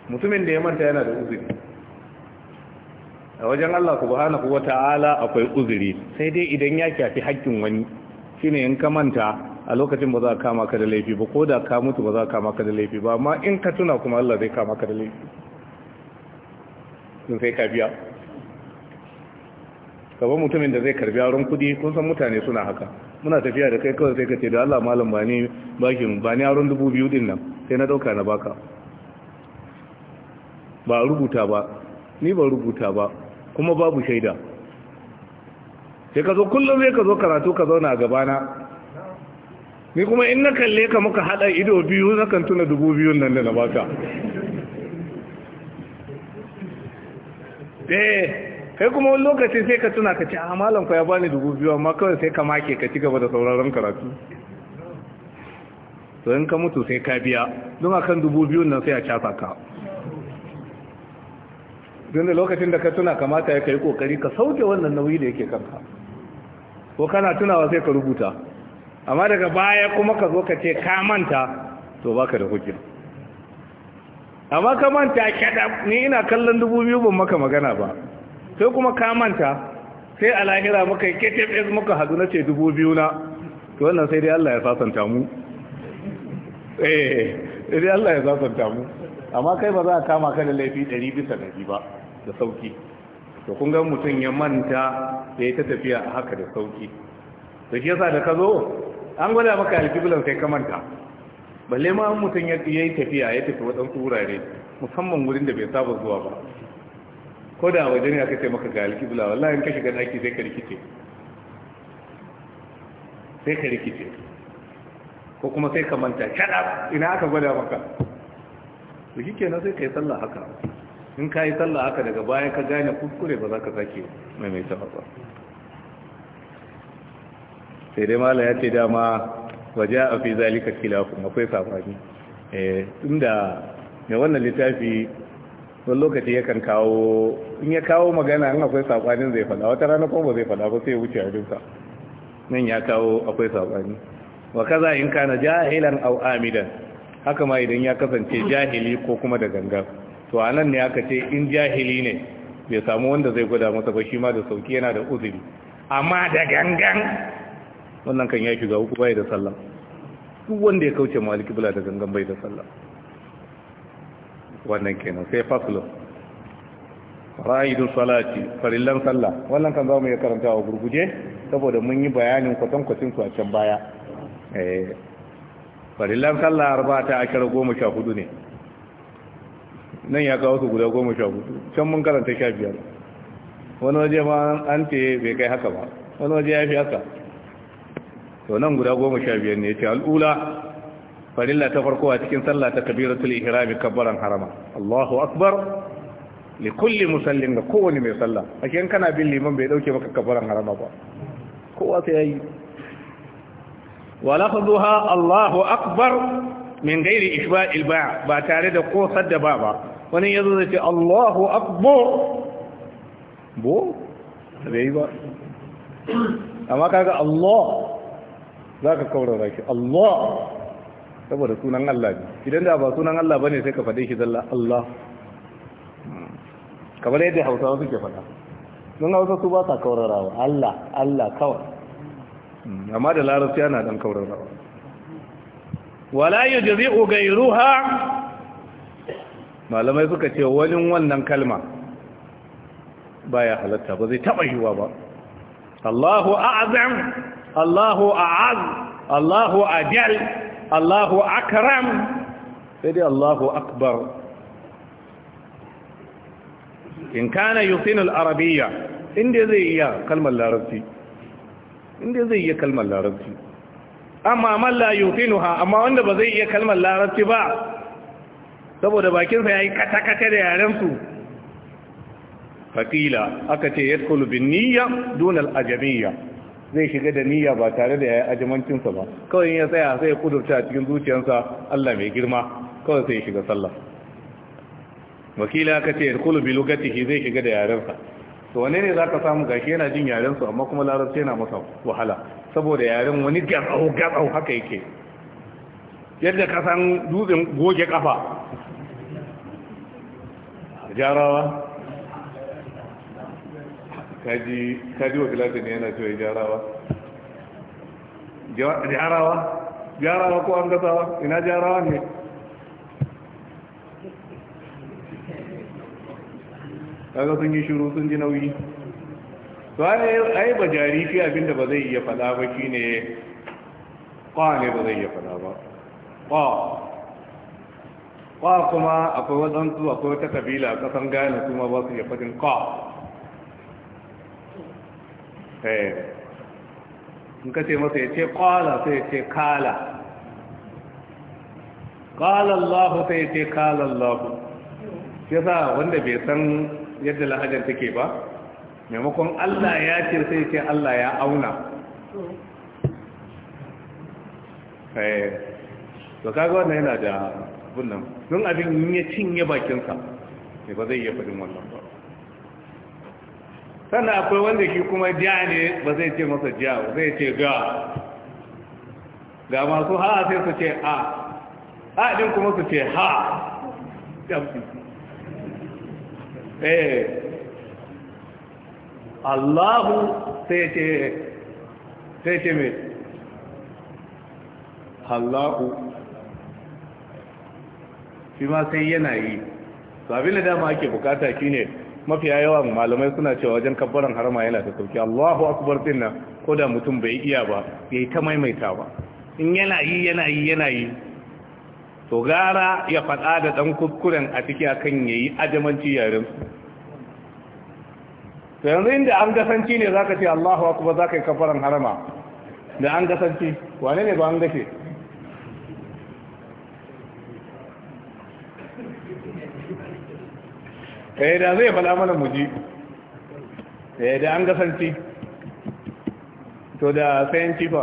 Speaker 1: mutumin da ya manta yana da uzuri a wajen Allah subhanahu wata'ala akwai uzuri sai dai idan ya kyafi haƙƙin wani shine in ka manta a lokacin ba za ka kama ka da laifi ba ko da ka mutu ba za ka kama ka da laifi ba amma in ka tuna kuma Allah zai kama ka da laifi sun sai ka biya kaba mutumin da zai karbi yaron kudi kun san mutane suna haka muna tafiya da kai kawai sai ka ce da Allah malam ba ni bakin ba ni yaron dubu biyu din nan sai na dauka na baka ba rubuta ba ni ba rubuta ba kuma babu shaida sai ka zo kullum sai ka zo karatu ka zauna a gabana ni kuma in na kalle ka muka hada ido biyu na kan tuna dubu biyun nan da na baka eh kai kuma wani lokaci sai ka tuna ka ce a ah, malam ku ya bani dubu biyu amma kawai sai ka make ka ci gaba da sauraron karatu to in ka mutu sai ka biya don akan dubu biyun nan sai a casa ka don da lokacin da ka tuna kamata ya kai kokari ka sauke wannan nauyi da yake kanka ko kana tunawa sai ka rubuta amma daga baya kuma ka zo ka ce ka manta to baka da hujja amma ka manta kada ni ina kallon dubu biyu ban maka magana ba sai kuma ka manta sai a lahira muka yi ktfs muka hadu na ce dubu biyu na to wannan sai dai Allah ya sasanta mu eh sai dai Allah ya sasanta mu amma kai ba za a kama ka da laifi ɗari bisa ɗari ba da sauki to kun ga mutum ya manta ya yi ta tafiya a haka da sauki to shi yasa da ka zo an gwada maka alkiblan sai ka manta balle ma mutum ya yi tafiya ya tafi waɗansu wurare musamman wurin da bai saba zuwa ba ko da waje ne aka ce maka ga alkibla wallahi in ka shiga daki sai ka rikice sai ka rikice ko kuma sai ka manta shada ina aka gwada maka to na sai ka yi sallah haka in ka yi sallah haka daga baya ka gane kuskure ba za ka sake mai mai sama ba sai dai mala ya ce dama waje a fi zalika kilafin akwai eh tunda da wannan littafi wani lokaci yakan kawo in ya kawo magana in akwai saɓanin zai fada wata rana kuma ba zai fada ba sai wuce a duka nan ya kawo akwai saɓani wa kaza in kana jahilan au amidan haka ma idan ya kasance jahili ko kuma da ganga to a nan ne aka ce in jahili ne bai samu wanda zai gwada masa ba shi ma da sauki yana da uzuri amma da gangan wannan kan ya shiga uku bai da sallah duk wanda ya kauce maliki bula da gangan bai da sallah wannan kenan sai faslo ra'idu salati farillan salla wannan kan zamu iya karantawa gurguje saboda mun yi bayanin kwatankwacin su a can baya eh farillan arba arba'ata akira goma sha hudu ne nan ya kawo su guda goma sha hudu can mun karanta sha biyar wani waje ma an ce bai kai haka ba wani waje ya fi haka to nan guda goma sha biyar ne ya ce al'ula farilla ta farko a cikin sallah ta kabiratul ihrami kabbaran harama Allahu akbar li kulli musallin ga kowani mai sallah Ake akin kana bin liman bai dauke maka kabaran harama ba kowa sai yayi wa lafzuha Allahu akbar min gairi ishba'il ba' ba tare da kosar da ba ba wani yazo zai ce Allahu akbar bo bai ba amma kaga Allah zaka kaura zaki Allah saboda sunan Allah ne idan da ba sunan Allah bane sai ka faɗe shi zalla Allah kamar yadda Hausawa suke faɗa don Hausa su ba sa kaurarawa Allah Allah kawai hmm, amma da larabci ana dan kaurarawa wala yujzi'u ghayruha malamai suka ce wani wannan kalma baya halatta ba zai taba yiwa ba Allahu a'zam Allahu a'az Allahu ajal Allahu akram sai dai Allahu akbar in kana yusinul arabiyya inda zai iya kalmar larabci inda zai iya kalmar larabci amma man la yusinuha amma wanda ba zai iya kalmar larabci ba saboda bakinsa yayi kata-kata da yaren su faqila aka ce yadkhulu bin niyya dun al ajamiyya zai shiga da niyya ba tare da yayin ajimancinsa ba kawai ya tsaya sai ya kudurta a cikin zuciyarsa Allah mai girma kawai sai ya shiga sallah wakila ka ce kullu bi lugatihi zai shiga da yarensa to wane ne zaka samu gashi yana jin yarensu amma kuma larabci yana masa wahala saboda yaren wani gatsau gatsau haka yake yadda ka san dutsen goge kafa jarawa
Speaker 2: kaji
Speaker 1: wa filatin yana cewa jarawa jarawa jarawa ko an gasawa ina jarawa ne kaga sun yi shiru sun ji nauyi to ai ba jari fi abinda ba zai iya fada ba shine kwa ne ba zai iya fada ba kwa kwa kuma akwai wadansu akwai wata kabila a kasan gane kuma ba su iya fadin kwa Eh. in ka ce masa ya ce ƙwala sai ya ce kala ƙwala Allah sai ya ce kala Allah ya sa wanda bai san yadda lahajar take ba maimakon Allah ya ce sai ce Allah ya auna eh. to kaga wannan yana da bunnan don abin ya cinye bakinsa ne ba zai iya faɗin wannan sannan akwai wanda shi kuma ja ne ba zai ce masa ja ba zai ce ga ga masu ha sai su ce a a din kuma su ce ha eh Allahu sai ce sai ce mai Allahu shi ma sai yana yi sabila dama ake bukata ne. mafiya yawan malamai suna cewa wajen kabbaran harama yana da sauki Allahu akbar dinna ko da mutum bai iya ba yayi ta maimaita ba in yana yi yana yi yana yi to gara ya fada da dan kuskuren a ciki akan yayi ajamanci yaren to yanzu inda an gasanci ne zaka ce Allahu akbar zaka yi kabbaran harama da an gasanci wane ne ba an gashe eh da zai faɗa mana mu ji eh da an gasanci to da sayan cifa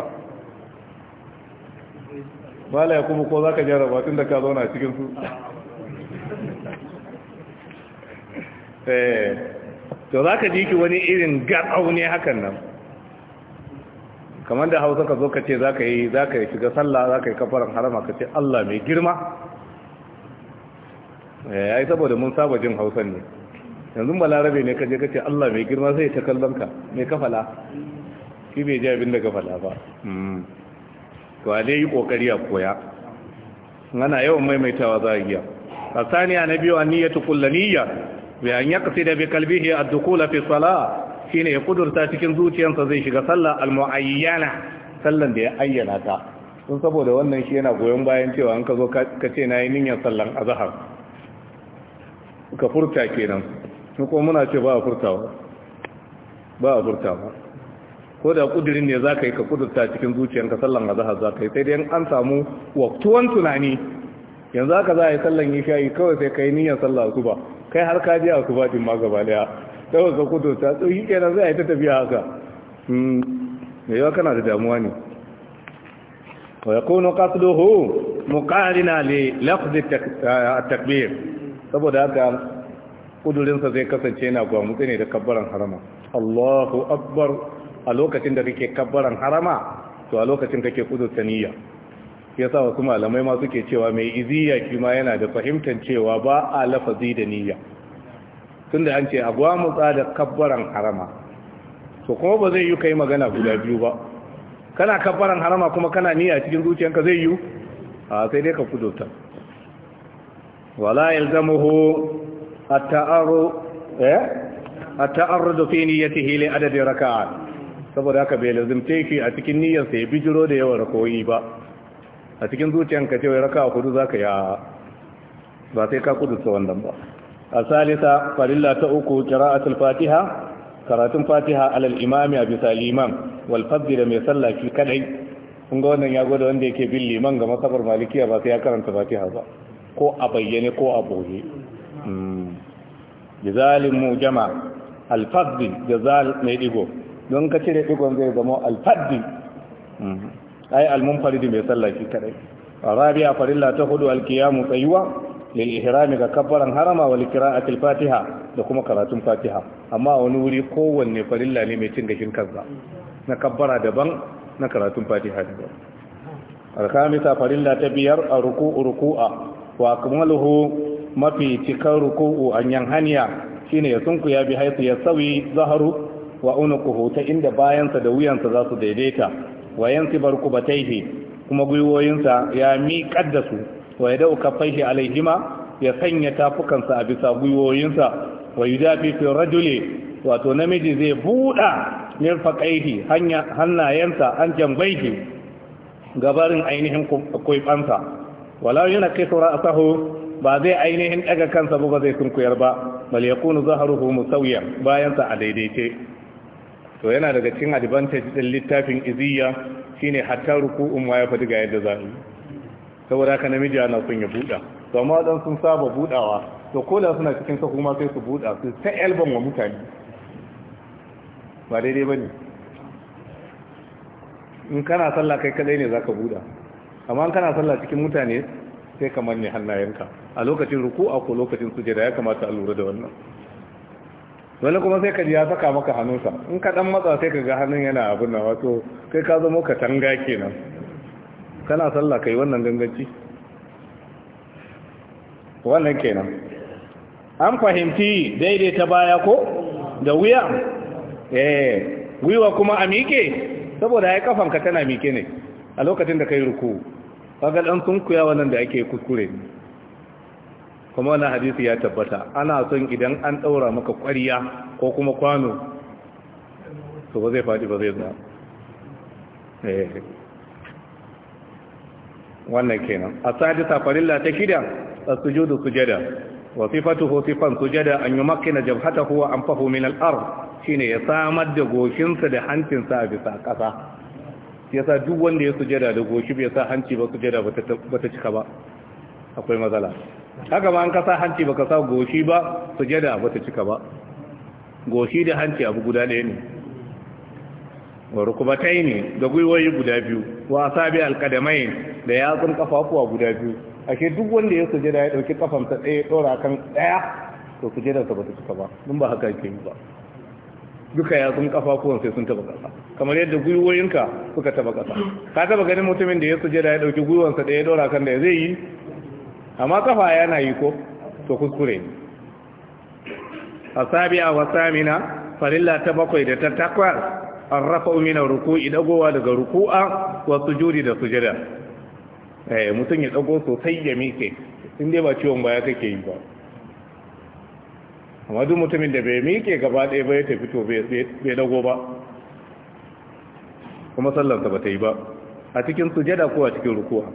Speaker 1: la ya kuma ko za ka ba tun da ka zauna cikin su eh, to za ka ji ki wani irin gatsau ne hakan nan kamar da hausa ka zo ka ce za ka yi shiga sallah za ka yi kafaran harama ka ce Allah mai girma ya eh, yi saboda mun saba jin hausa ne yanzu balarabe ne kaje kace Allah mai girma zai ta kallon ka mai kafala shi bai ji abin da kafala ba hmm. to a dai yi kokari a koya ana yawan maimaitawa za a iya الثانية نبي النية كل نية fi يقصد shi ya kudurta cikin zuciyarsa zai shiga sallah al-mu'ayyana sallan da ya ayyana ta. sun saboda wannan shi yana goyon bayan cewa an ka zo ka ce na yi niyyar sallan azahar ka furta kenan ko muna ce ba a furtawa ba a furtawa ko da kudirin ne za ka yi ka kudurta cikin ka sallan azahar za ka yi sai dai an samu waktuwan tunani yanzu haka za a yi sallan yi shayi kawai sai ka yi niyyar sallan su ba kai har ka jiya a su din ma gaba daya kawai ka kudurta yi kenan zai yi ta tafiya haka da hmm, yawa kana da damuwa ne wa yakunu qasduhu muqarina li lafzi takbir saboda haka kudurinsa zai kasance yana gwamutse ne da kabbaran harama Allahu akbar a lokacin da kake kabbaran harama to a lokacin kake kudurta niyya Ya sa wasu malamai ma suke cewa mai iziya ma yana da fahimtar cewa ba a lafazi da niyya tunda an ce a gwamutsa da kabbaran harama to kuma ba zai yi kai magana guda biyu ba kana kabbaran harama kuma kana niyya cikin zuciyanka zai yi a sai dai ka kudurta wala yalzamuhu at-ta'arru eh at-ta'arrud fi niyyatihi li adadi rak'at saboda haka bai lazimce a cikin niyyarsa ya bijiro da yawan rakoyi ba a cikin zuciyanka cewa raka'a hudu zaka ya ba sai ka kudurta wannan ba a salisa farilla ta uku qira'atul fatiha karatun fatiha alal imami a bisa liman wal da mai sallah kaɗai, kadai kun ga wannan ya gwada wanda yake bin liman ga masabar malikiya ba sai ya karanta fatiha ba ko a bayyane ko a boye jizalin mm. mu jama alfaddi jizal mai digo don ka cire digon zai zama alfaddi mm. ai almunfaridi mai sallaki A rabi'a farilla ta hudu alkiyamu tsayuwa lil ihrami ga kabbaran harama wal qira'atil fatiha da kuma karatun fatiha amma wani wuri kowanne farilla ne mai cin gashin kansa na kabbara daban na karatun fatiha daban alkhamisa farilla ta biyar a ruku'u ruku'a wa kamaluhu mafi cikar ruku'u an hanya shine ya sunkuya bi haisu ya sauyi zaharu wa unukuhu ta inda bayansa da wuyansa za su daidaita wa yansibar kubataihi kuma gwiwoyinsa ya miƙar da su wa ya dau kafaihi alaihima ya sanya tafukansa a bisa gwiwoyinsa wa yudafi fi rajuli wato namiji zai buɗa mirfaƙaihi hannayensa an jambaihi gabarin ainihin kuifansa wala yana kai ra'asahu ba zai ainihin daga kansa ba zai sunkuyar ba bal yakunu zahruhu musawiyan bayan sa a daidaice to yana daga cikin advantage din littafin iziya shine hatta ruku'un ma ya fadi ga yadda za saboda haka namiji ana son ya buɗa to amma dan sun saba buɗawa to ko da suna cikin sahu ma sai su buɗa su ta album wa mutane ba daidai bane in kana sallah kai kadai ne zaka buɗa amma kana sallah cikin mutane sai kamar ne hannayenka a lokacin ruku a ko lokacin da ya kamata a lura da wannan wani kuma sai ka ji ya saka maka hannunsa in ka dan matsa sai ka ga hannun yana abin nan wato kai ka zama ka tanga kenan kana sallah kai wannan ganganci wannan kenan an fahimci daidai ta baya ko da wuya eh gwiwa kuma a miƙe saboda ya kafanka tana miƙe ne a lokacin da kai ruku kaga dan sunkuya wannan da ake kuskure kuma wannan hadisi ya tabbata ana son idan an daura maka ƙwariya ko kuma kwano to ba zai faɗi ba zai zuwa eh. wannan kenan a sadisa farilla ta kida a sujudu sujada wa sifatuhu sifan sujada an yumakkina makina jabhatahu wa an min al-ard shine ya samar da sa da hancinsa a bisa ƙasa ya sa duk wanda ya sujada da goshi bai sa hanci ba sujada ba ta cika ba akwai matsala haka ma an kasa hanci ba ka sa goshi ba sujada ba ta cika ba goshi da hanci abu guda ɗaya ne wa rukubatai ne da gwiwoyi guda biyu wa asabi alkadamai da yatsun kafafuwa guda biyu ake duk wanda ya sujada ya dauki kafansa ɗaya ɗora kan ɗaya to sujada ba ta cika ba ba haka yake yi ba duka yatsun kafafuwan sai sun taba kasa kamar yadda gwiwoyinka suka taba kasa ka taba ganin mutumin da ya sujada ya dauki gwiwansa da ya dora kan da zai yi amma kafa yana yi ko to kuskure ne asabi'a wa samina farilla ta bakwai da ta takwar an rafa umina ruku dagowa daga ruku'a wa sujudi da sujada eh mutum ya dago sosai ya mike in dai ba ciwon baya kake yi ba amma duk mutumin da bai miƙe gaba ɗaya ba ya tafi to bai dago ba kuma sallarsa ba ta yi ba a cikin sujada ko a cikin rukuwa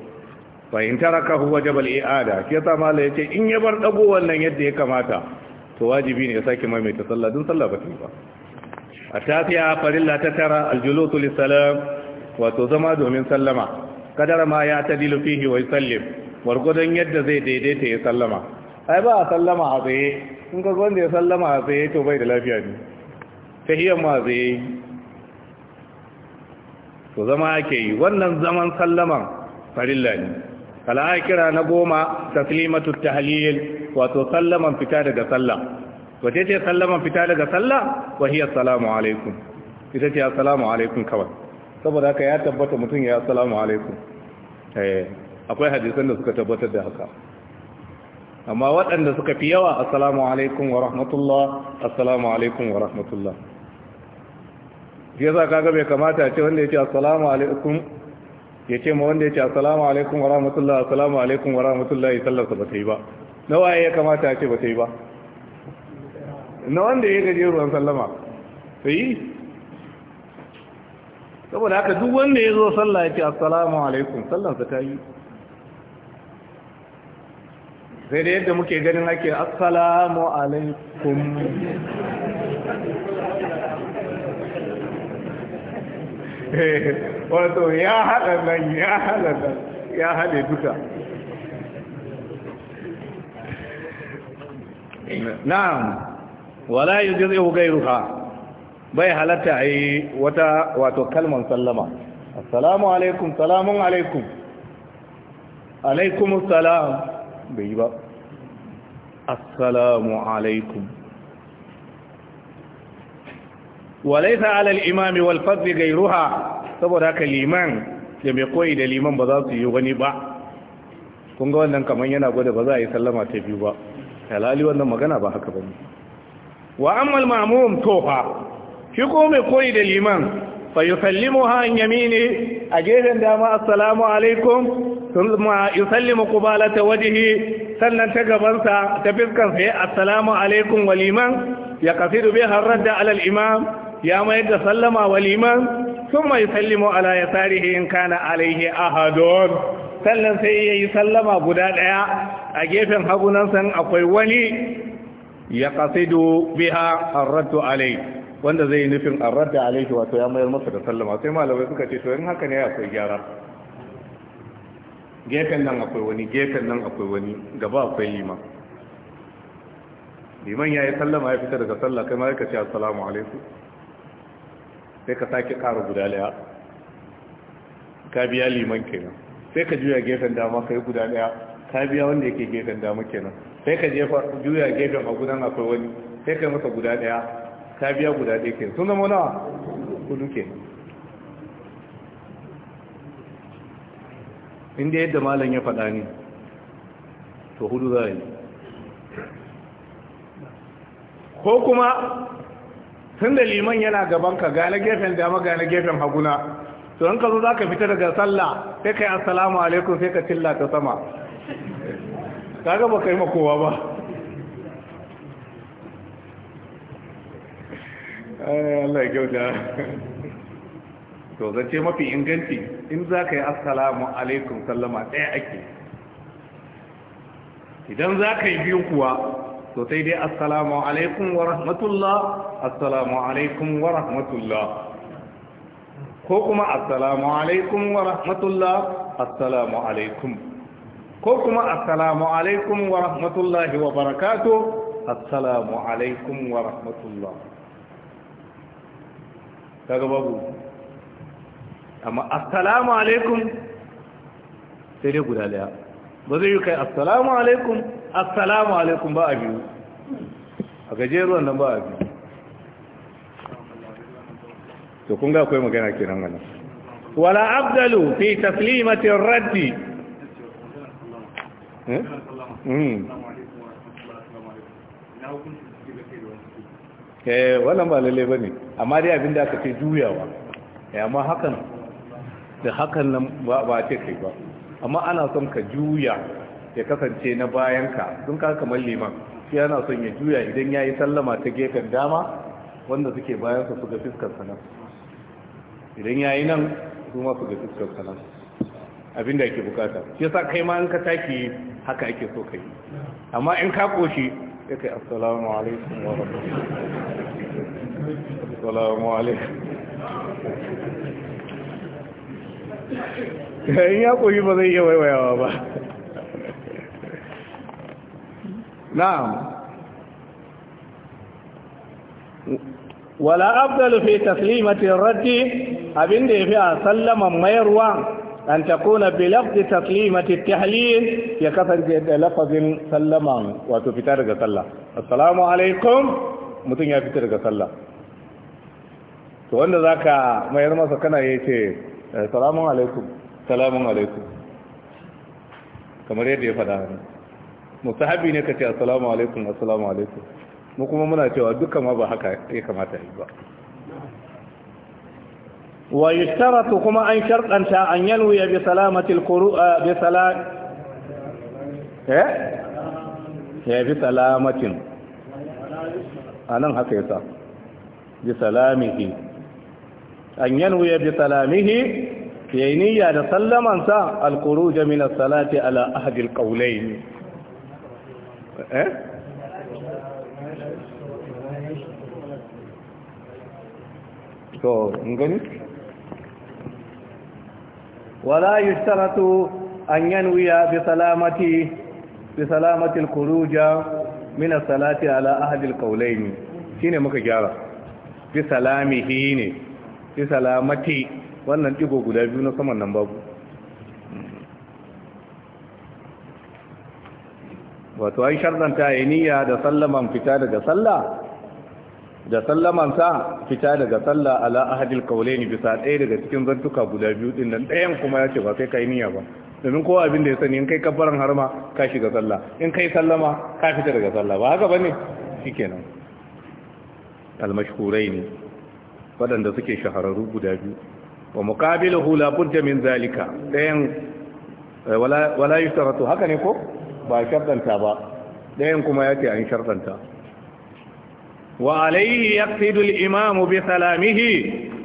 Speaker 1: in taraka huwa jabal i'ada shi yasa mala yace in ya bar dago wannan yadda ya kamata to wajibi ne ya sake maimaita sallah dun sallah ba ta yi ba a tafiya farilla ta tara aljulusu lissalam wato zama domin sallama kadar ma ya ta dilu fihi wa sallim wargwadon yadda zai daidaita ya sallama ai ba a sallama a tsaye in ka gwanda ya sallama a tsaye to bai da lafiya ne Ta hiyar ma tsaye to zama ake yi wannan zaman sallaman farilla ne kala kira na goma ta ta halil wato sallaman fita daga sallah wace ce sallaman fita daga sallah wa hiya salamu alaikum ita ce assalamu alaikum kawai saboda haka ya tabbata mutum ya assalamu alaikum eh, akwai hadisan da suka tabbatar da haka amma waɗanda suka fi yawa assalamu alaikum wa rahmatullah assalamu alaikum wa rahmatullah ya za kaga bai kamata ce wanda ya ce assalamu alaikum ya ce ma wanda ya ce assalamu alaikum wa rahmatullah assalamu alaikum wa rahmatullah ya sallarsa ba ta yi ba na waye ya kamata ce ba ta yi ba na wanda ya gaje ruwan sallama ta yi saboda haka duk wanda ya zo sallah ya ce assalamu alaikum sallarsa ta yi sai da yadda muke ganin ake assalamu alaikum eh, wato ya haɗa nan ya haɗa nan ya haɗe duka na'am wala yujzi'u ha. bai halatta yi wata wato kalman sallama assalamu alaikum salamun alaikum alaikum assalam bai yi ba assalamu alaikum walaisa alal imami wal fadli gairuha saboda haka liman da mai koyi da liman ba za su yi wani ba kun ga wannan kamar yana gwada ba za a yi sallama ta biyu ba halali wannan magana ba haka bane wa ammal ma'mum tofa shi ko mai koyi da liman fa yusallimuha an ne. a gefen dama assalamu alaikum kubala ta wajihi sannan ta gabansa ta fiskan ya assalamu alaikum waliman ya kafiru bi harrada ala ya mayar da sallama waliman thumma yusallimu ala yasarihi in kana alaihi ahadun sallan sai yayi sallama guda daya a gefen hagunan san akwai wani ya kafiru biha harrada wanda zai nufin harrada alaihi wato ya mai masa da sallama sai malamai suka ce to in haka ne akwai gyara gefen nan akwai wani gefen nan akwai wani gaba akwai liman liman ya yi sallama ya fita daga sallah kai ma ka ce assalamu alaikum sai ka sake kara guda daya ka biya liman kenan sai ka juya gefen dama kai guda daya ka biya wanda yake gefen dama kenan sai ka juya gefen a gudan akwai wani sai kai masa guda daya ka biya guda daya kenan sun zama nawa kudu kenan inda yadda malam ya faɗa ne to hudu za a yi ko kuma tun da liman yana gaban ka gane gefen dama gane gefen haguna to in ka zo za ka fita daga sallah sai ka yi assalamu alaikum sai ka cilla ta sama
Speaker 2: ka gaba ka yi makowa ba
Speaker 1: Allah ya kyauta to zace mafi inganci in za ka yi assalamu alaikum sallama ɗaya ake idan za ka yi biyu kuwa to sai dai assalamu alaikum wa rahmatullah assalamu alaikum wa rahmatullah ko kuma assalamu alaikum wa rahmatullah assalamu alaikum ko kuma assalamu alaikum wa rahmatullahi wa barakatuh assalamu alaikum wa rahmatullah kaga babu amma assalamu alaikum sai dai guda daya ba zai yi kai assalamu alaikum assalamu alaikum ba a biyu a gajeruwan nan ba a biyu to kun ga akwai magana kenan wannan wala abdalu fi taslimati raddi
Speaker 2: eh? Hmm.
Speaker 1: eh wannan ba lalle bane amma dai abinda aka ce juyawa eh amma hakan da hakan nan ba ce kai ba amma ana son ka juya ya kasance na bayanka sun ka kamar liman shi ana son ya juya idan ya yi sallama ta gefen dama wanda suke bayansa su ga fiskar sanar idan ya yi nan su ma su ga fiskar sanar abin da ake bukata shi yasa kai ma in ka taki haka ake so ka yi amma in ka koshi ya kai assalamu alaikum wa rahmatullahi assalamu
Speaker 2: alaikum ya
Speaker 1: koyi ba zai iya waiwayawa ba na'am wala abdalu fi taslimati raddi abinda yafi a sallaman mayarwa an takuna bi lafzi taslimati tahlil ya kasance da lafazin sallaman wato fita daga sallah assalamu alaikum mutum ya fita daga sallah to wanda zaka mayar masa kana yace Eh, salamun alaikum salamun alaikum kamar yadda ya faɗa hannu musahabi ne ka ce asalamu alaikum asalamu alaikum mu kuma muna cewa dukkan ma ba haka ya kamata yi ba wa yushtaratu kuma an sharɗanta an yalwiya bi salamatil kuru eh, bi eh?
Speaker 2: ya bi salamatin
Speaker 1: anan haka yasa bi salamihi أن ينوي بسلامه ينيا لسلم أنسى القروج من الصلاة على أحد القولين إيه؟ ولا يشترط أن ينوي بسلامة بسلامة القروج من الصلاة على أحد القولين كيف مكجارة بسلامه كيف fi salamati wannan ɗigo guda biyu na saman nan babu wato ai shardanta ya niyya da sallaman fita daga sallah da sallaman sa fita daga sallah ala ahadil qawlaini bisa ɗaya daga cikin zantuka guda biyu din nan ɗayan kuma ya ba sai kai niyya ba domin kowa abin da ya sani in kai kabbaran harma ka shiga sallah in kai sallama ka fita daga sallah ba haka bane shikenan al ne. waɗanda suke shahararru guda biyu wa muqabiluhu la budda min zalika dayan eh, wala wala yustaratu haka ne ko ba shartanta ba dayan kuma yake an shartanta. wa alayhi yaqsidu al-imam bi salamihi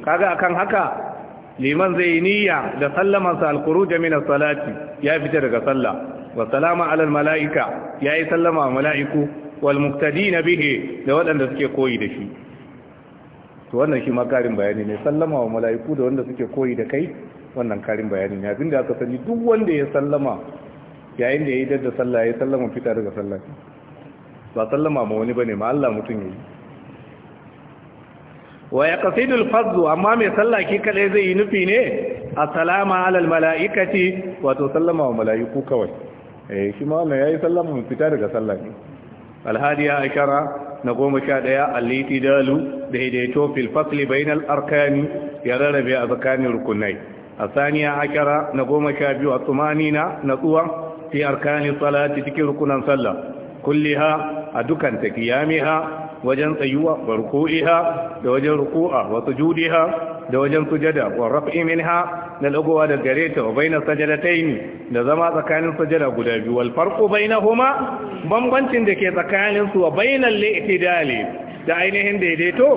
Speaker 1: kaga akan haka liman zai niyya da sallama sa al-khuruj min as-salati ya fita daga sallah wa salama ala al-mala'ika yayi sallama mala'iku wal muqtadin bihi da waɗanda suke koyi da shi to wannan shi ma karin bayani ne sallama wa mala'iku da wanda suke koyi da kai wannan karin bayani ne abinda aka sani duk wanda ya sallama yayin da ya yi dadda sallah ya sallama fita daga sallah ba sallama ma wani bane ma Allah mutum yayi wa yaqsidu al-fadh amma mai sallah ki kadai zai yi nufi ne assalamu ala al-mala'ikati wato sallama wa mala'iku kawai eh shi ma wannan yayi sallama fita daga sallah ne al ashara na goma sha ɗaya aliti dalu daidaito filfasli bainal arkani ya rarrabe a tsakanin rukunai a saniya ashara na goma sha biyu a tsumanina na natsuwa fi arkani salati cikin rukunan sallah kulliha a dukanta kiyamiha wajen tsayuwa wa ruku'iha da wajen ruku'a wa sujudiha da wajen sujada wa raf'i minha da lagowa da gare ta wa baina sajadatayn da zama tsakanin sajada guda biyu wal baina bainahuma bambancin da ke tsakanin su wa bainal li'tidali da ainihin daidaito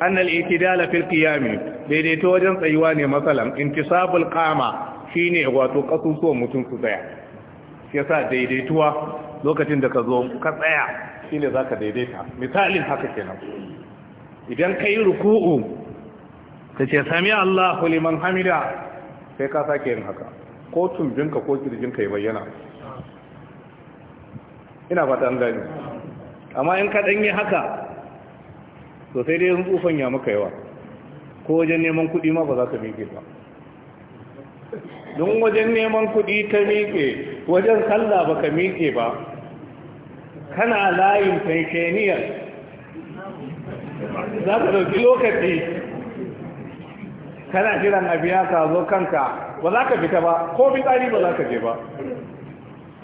Speaker 1: annal i'tidala fil qiyam daidaito wajen tsayuwa ne masalan intisabul qama shine wato kasusuwan mutum su tsaya yasa daidaituwa lokacin da ka zo ka tsaya shine zaka daidaita misalin haka kenan idan kai ruku'u kace sami Allahu liman hamida sai ka sake yin haka ko tumbinka ko kirjinka ya bayyana ina ba an gani amma in ka yi haka to sai dai tsufan ya maka yawa ko wajen neman kuɗi ma ba za ka miƙe ba don wajen neman kuɗi ka miƙe wajen sallah ba ka miƙe ba kana layin faikeniyar
Speaker 2: za ka dauki lokaci
Speaker 1: kana jiran abiya ka zo kanka ba za ka fita ba ko fitsari ba za ka je ba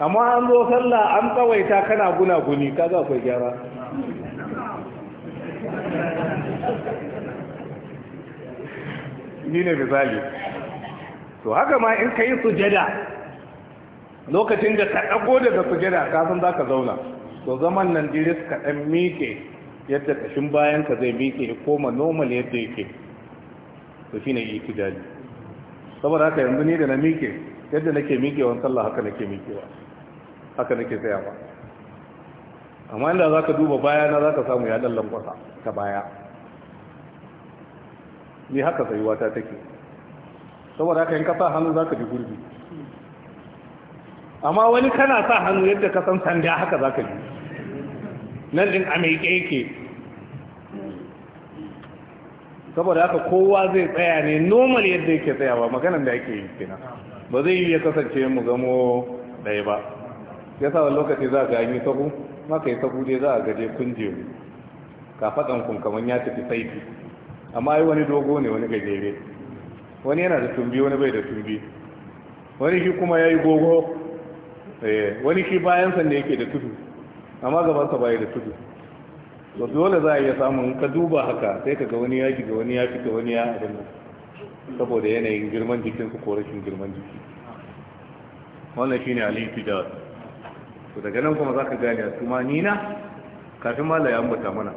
Speaker 1: amma an zo sallah an tsawaita kana guna-guni ka za kai gyara
Speaker 2: ni ne misali
Speaker 1: to haka ma in ka yi sujada lokacin da ka ɗago daga sujada kasan za ka zauna to zaman nan diris ka ɗan miƙe yadda ƙashin bayan ka zai miƙe ya koma normal yadda yake to ki itidali saboda haka yanzu ni da na miƙe yadda nake wani sallah haka nake wa haka nake tsayawa amma inda za ka duba baya na za ka samu ya ɗan lankwasa ta baya ni haka tsayuwa ta take saboda haka yin kasa hannu za ka ji gurbi amma wani kana sa hannu yadda ka san sanda haka za ka ji nan din a mai yake saboda haka kowa zai tsaya ne normal yadda yake tsayawa maganan da yake yi kina ba zai yi ya kasance mu gamo ɗaya ba ya sa lokaci za ga yi sabu maka yi sabu dai za a gaje kunje ka faɗan kun kamar ya tafi saiti amma yi wani dogo ne wani gajere wani yana da tumbi wani bai da tumbi wani shi kuma ya yi gogo Eh, wani shi bayan sanda yake da tudu amma gabansa baya da tudu to dole za a iya samun ka duba haka sai ka ga wani ya ga wani ya fita wani ya abin saboda yanayin girman jikinsu ko rashin girman jiki wannan shine alifi da to daga nan kuma za ka gane a tuma nina kafin mala ya ambata mana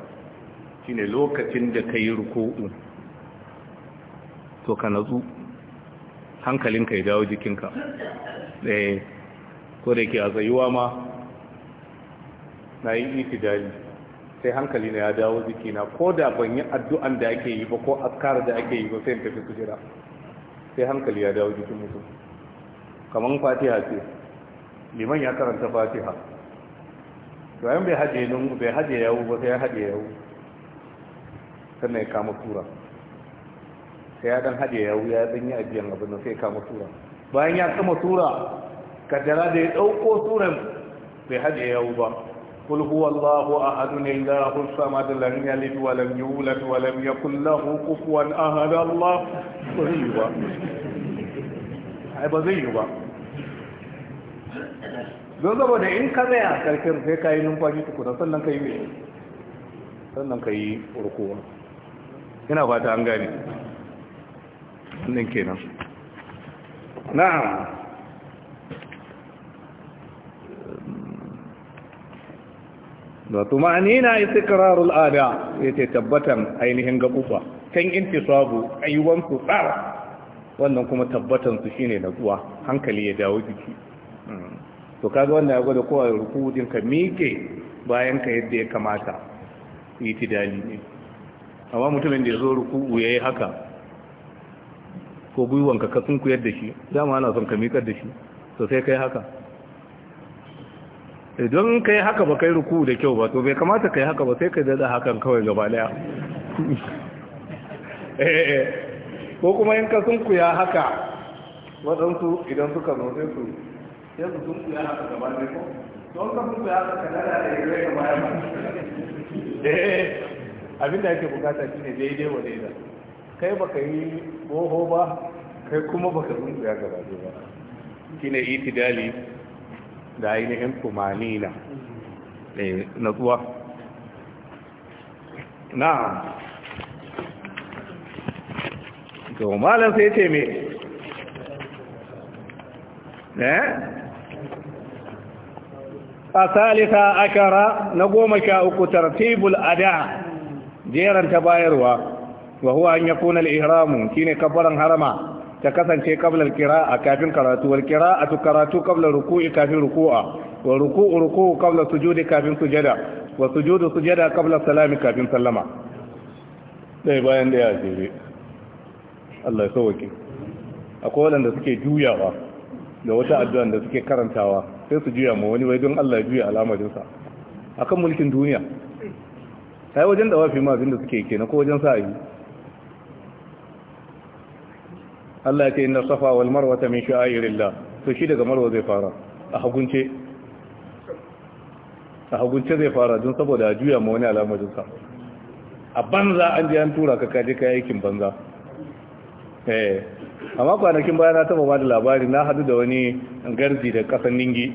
Speaker 1: shine lokacin da ka yi ruku'u to ka natsu hankalinka ya dawo jikinka ɗaya eh, ko da yake a tsayuwa ma na yi itidali sai hankali na ya dawo jikina ko da ban yi addu'an da ake yi ba ko askar da ake yi ba sai in tafi kujera sai hankali ya dawo jikin mutum kamar fatiha ce liman ya karanta fatiha bayan bai haje nun bai haje yawo ba sai ya haje yawo sannan ya kama tura sai ya dan haje yawo ya dan yi ajiyan abin sai ya kama tura bayan ya kama tura kaddara da ya ɗauko suran bai haɗe yau ba kul huwa allahu ahadun illahu samad lam yalid wa lam yulad wa lam yakul lahu kufuwan ahad allah
Speaker 2: ba zai yi ba ai ba zai yi ba
Speaker 1: don saboda in ka a karshen sai ka yi numfashi tukuna sannan ka yi mai sannan ka yi urkuwa ina fata an gane sannan kenan
Speaker 3: na'am
Speaker 1: da tumanina istiqrarul ada yace tabbatan ainihin gabuwa kan intisabu ayyuban ku tsara wannan kuma tabbatan su shine natsuwa hankali ya dawo jiki hmm. to kaga wannan ya gwada kowa rukudin ka mike bayan ka yadda ya kamata dali ne amma mutumin da ya zo ruku'u yayi haka ko gwiwanka ka sunku yadda shi dama ana son ka mikar da shi to sai kai haka idan yi haka ba kai ruku da kyau ba to bai kamata ka yi haka ba sai ka dada hakan kawai gaba daya eh, eh, eh. ko kuma in ka sun kuya haka waɗansu idan suka zo su sai su sun kuya haka gaba ne ko don ka sun kuya haka ka dada da yare gaba ya eh abinda da yake bukata ne daidai wa daida kai baka yi boho ba kai kuma baka sun kuya gaba ba shine itidali da ainihin tumanina eh, natsuwa na to malam sai ce me eh? Salisa, a akara na goma sha uku tartibul ada jeranta ta bayarwa wa huwa an yakuna al-ihramu shine kabaran harama ta kasance qabla kira a kafin karatu wal qira'atu karatu qabla ruku'i kafin ruku'a wa ruku'u ruku'u qabla sujudi kafin sujada wa sujudu sujada qabla salami kafin sallama dai bayan da ya jere Allah ya sauke akwai wanda suke juyawa da wata addu'a da suke karantawa sai su juya ma wani wai don Allah ya juya alamarinsa akan mulkin duniya kai wajen da wafi ma abinda suke kenan ko wajen sa'ayi Allah ya ce inna safa wal marwa min sha'irillah to shi daga marwa zai fara a hagunce a hagunce zai fara don saboda juya ma wani alamarin sa a banza an je an tura ka kaje ka aikin banza eh amma kwanakin baya na taba da labari na hadu da wani garzi da kasan ningi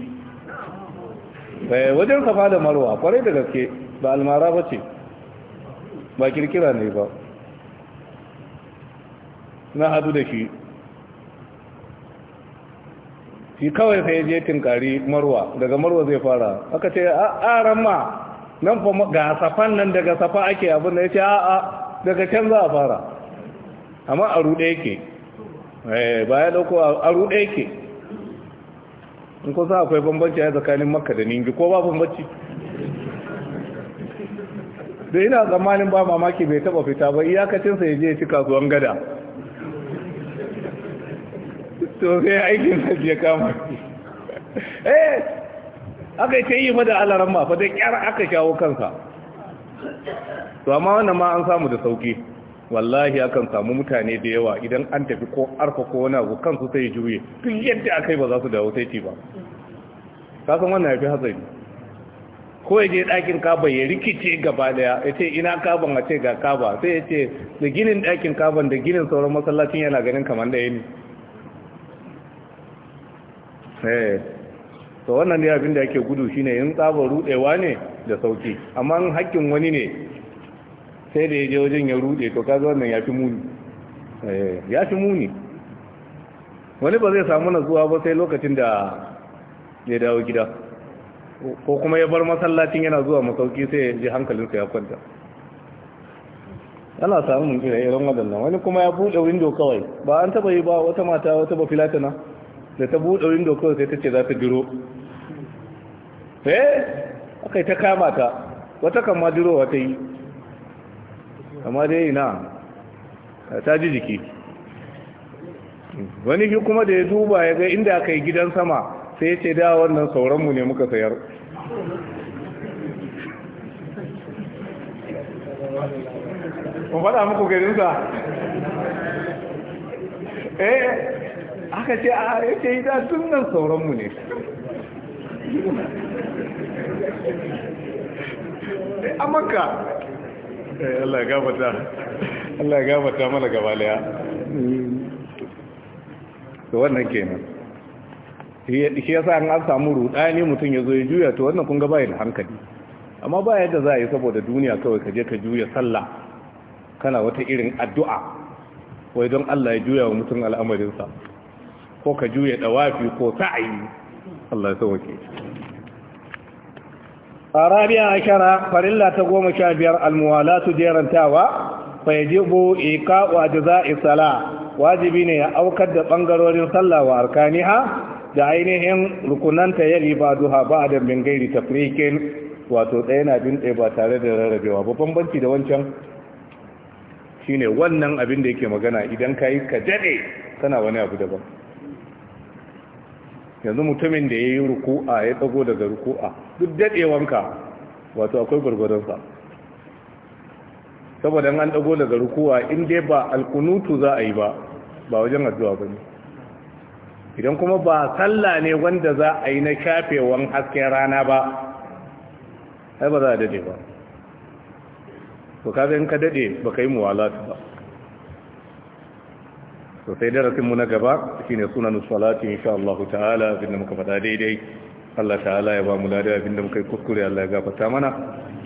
Speaker 1: eh wajen safa da marwa kwarai da gaske ba almara ce. ba kirkira ne ba na hadu da shi shi kawai sai je tinkari marwa daga marwa zai fara aka ce a ma nan fa ga safan nan daga safa ake abin da ya ce a'a daga can za a fara amma a ruɗe yake eh, ba ya ɗauko a ruɗe yake in sa akwai bambanci a tsakanin makka da ningi ko ba bambanci da ina tsammanin ba mamaki bai taba fita ba iyakacinsa ya je ci kasuwan gada to sai aikin hajji ya kama eh aka ce yi mada alaran ma fa da kyar aka shawo kansa to amma wannan ma an samu da sauki wallahi akan samu mutane da yawa idan an tafi ko arfa ko wani abu kansu sai juye tun yadda aka yi ba za su dawo sai ci ba kasan wannan ya fi hatsari ko ya je ɗakin kaba ya rikice gaba daya ya ce ina kaban a ce ga kaba sai ya ce da ginin ɗakin kaban da ginin sauran masallacin yana ganin kamar da ya ne Eh. to wannan ne abin da yake gudu shine in tsabar rudewa ne da sauki amma hakkin wani ne sai da ya je wajen ya rude to kaga wannan ya muni eh, ya fi muni wani ba zai samu na zuwa ba sai lokacin da ya dawo gida ko kuma ya bar masallacin yana zuwa masauki sai ya ji hankalinsa ya kwanta ana samun irin waɗannan wani kuma ya buɗe windo kawai ba an taɓa yi ba wata mata wata ba filatana da ta buɗe window kawai sai ta ce za ta jiro. eh aka ta kama ta wata kan ma durowa ta yi amma dai na ta ji jiki wani shi kuma da ya duba ya ga inda aka yi gidan sama sai ya ce da wannan sauranmu ne muka sayar kun faɗa muku garinsa
Speaker 2: eh
Speaker 1: aka ce a yake yi da tun nan sauranmu ne a maka. Eh, Allah ya gabata Allah ya gabata mana gabaliya to wannan kenan shi sa an an samu rudani mutum ya zo ya juya to wannan kun ga bayan hankali amma ba yadda za a yi saboda duniya kawai ka je ka juya sallah kana wata irin addu'a wai don Allah ya juya wa mutum al'amarinsa ko ka juya dawafi ko sa'ayi Allah ya sauke arabiya ashara farilla ta goma sha biyar almuwalatu jerantawa fa yajibu iqa'u ajza'i
Speaker 3: salah
Speaker 1: wajibi ne ya aukar da bangarorin sallah wa arkaniha da ainihin rukunanta ya riba duha ba da min gairi tafrikin wato ɗaya na bin ɗaya ba tare da rarrabewa ba bambanci da wancan shine wannan abin da yake magana idan ka yi ka daɗe kana wani abu daban yanzu mutumin da ya yi ruku'a ya tsago daga ruku'a duk daɗewanka wato akwai gwargwadonsa saboda an ɗago daga ruku'a in dai ba alkunutu za a yi ba ba wajen addu'a ba ne idan kuma ba sallah ne wanda za a yi na shafewan hasken rana ba ai ba za a daɗe ba ka ga in ka daɗe ba ka yi muwalatu ba to sai darasin mu na gaba shine sunan salati insha Allah ta'ala abinda muka faɗa daidai Allah ta'ala ya ba mu lada abinda muka yi kuskure Allah ya gafarta mana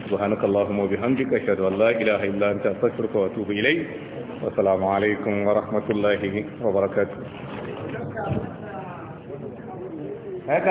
Speaker 1: subhanakallahumma wa bihamdika ashhadu an la ilaha illa anta astaghfiruka wa atubu ilayk wa assalamu alaikum wa
Speaker 3: rahmatullahi wa barakatuh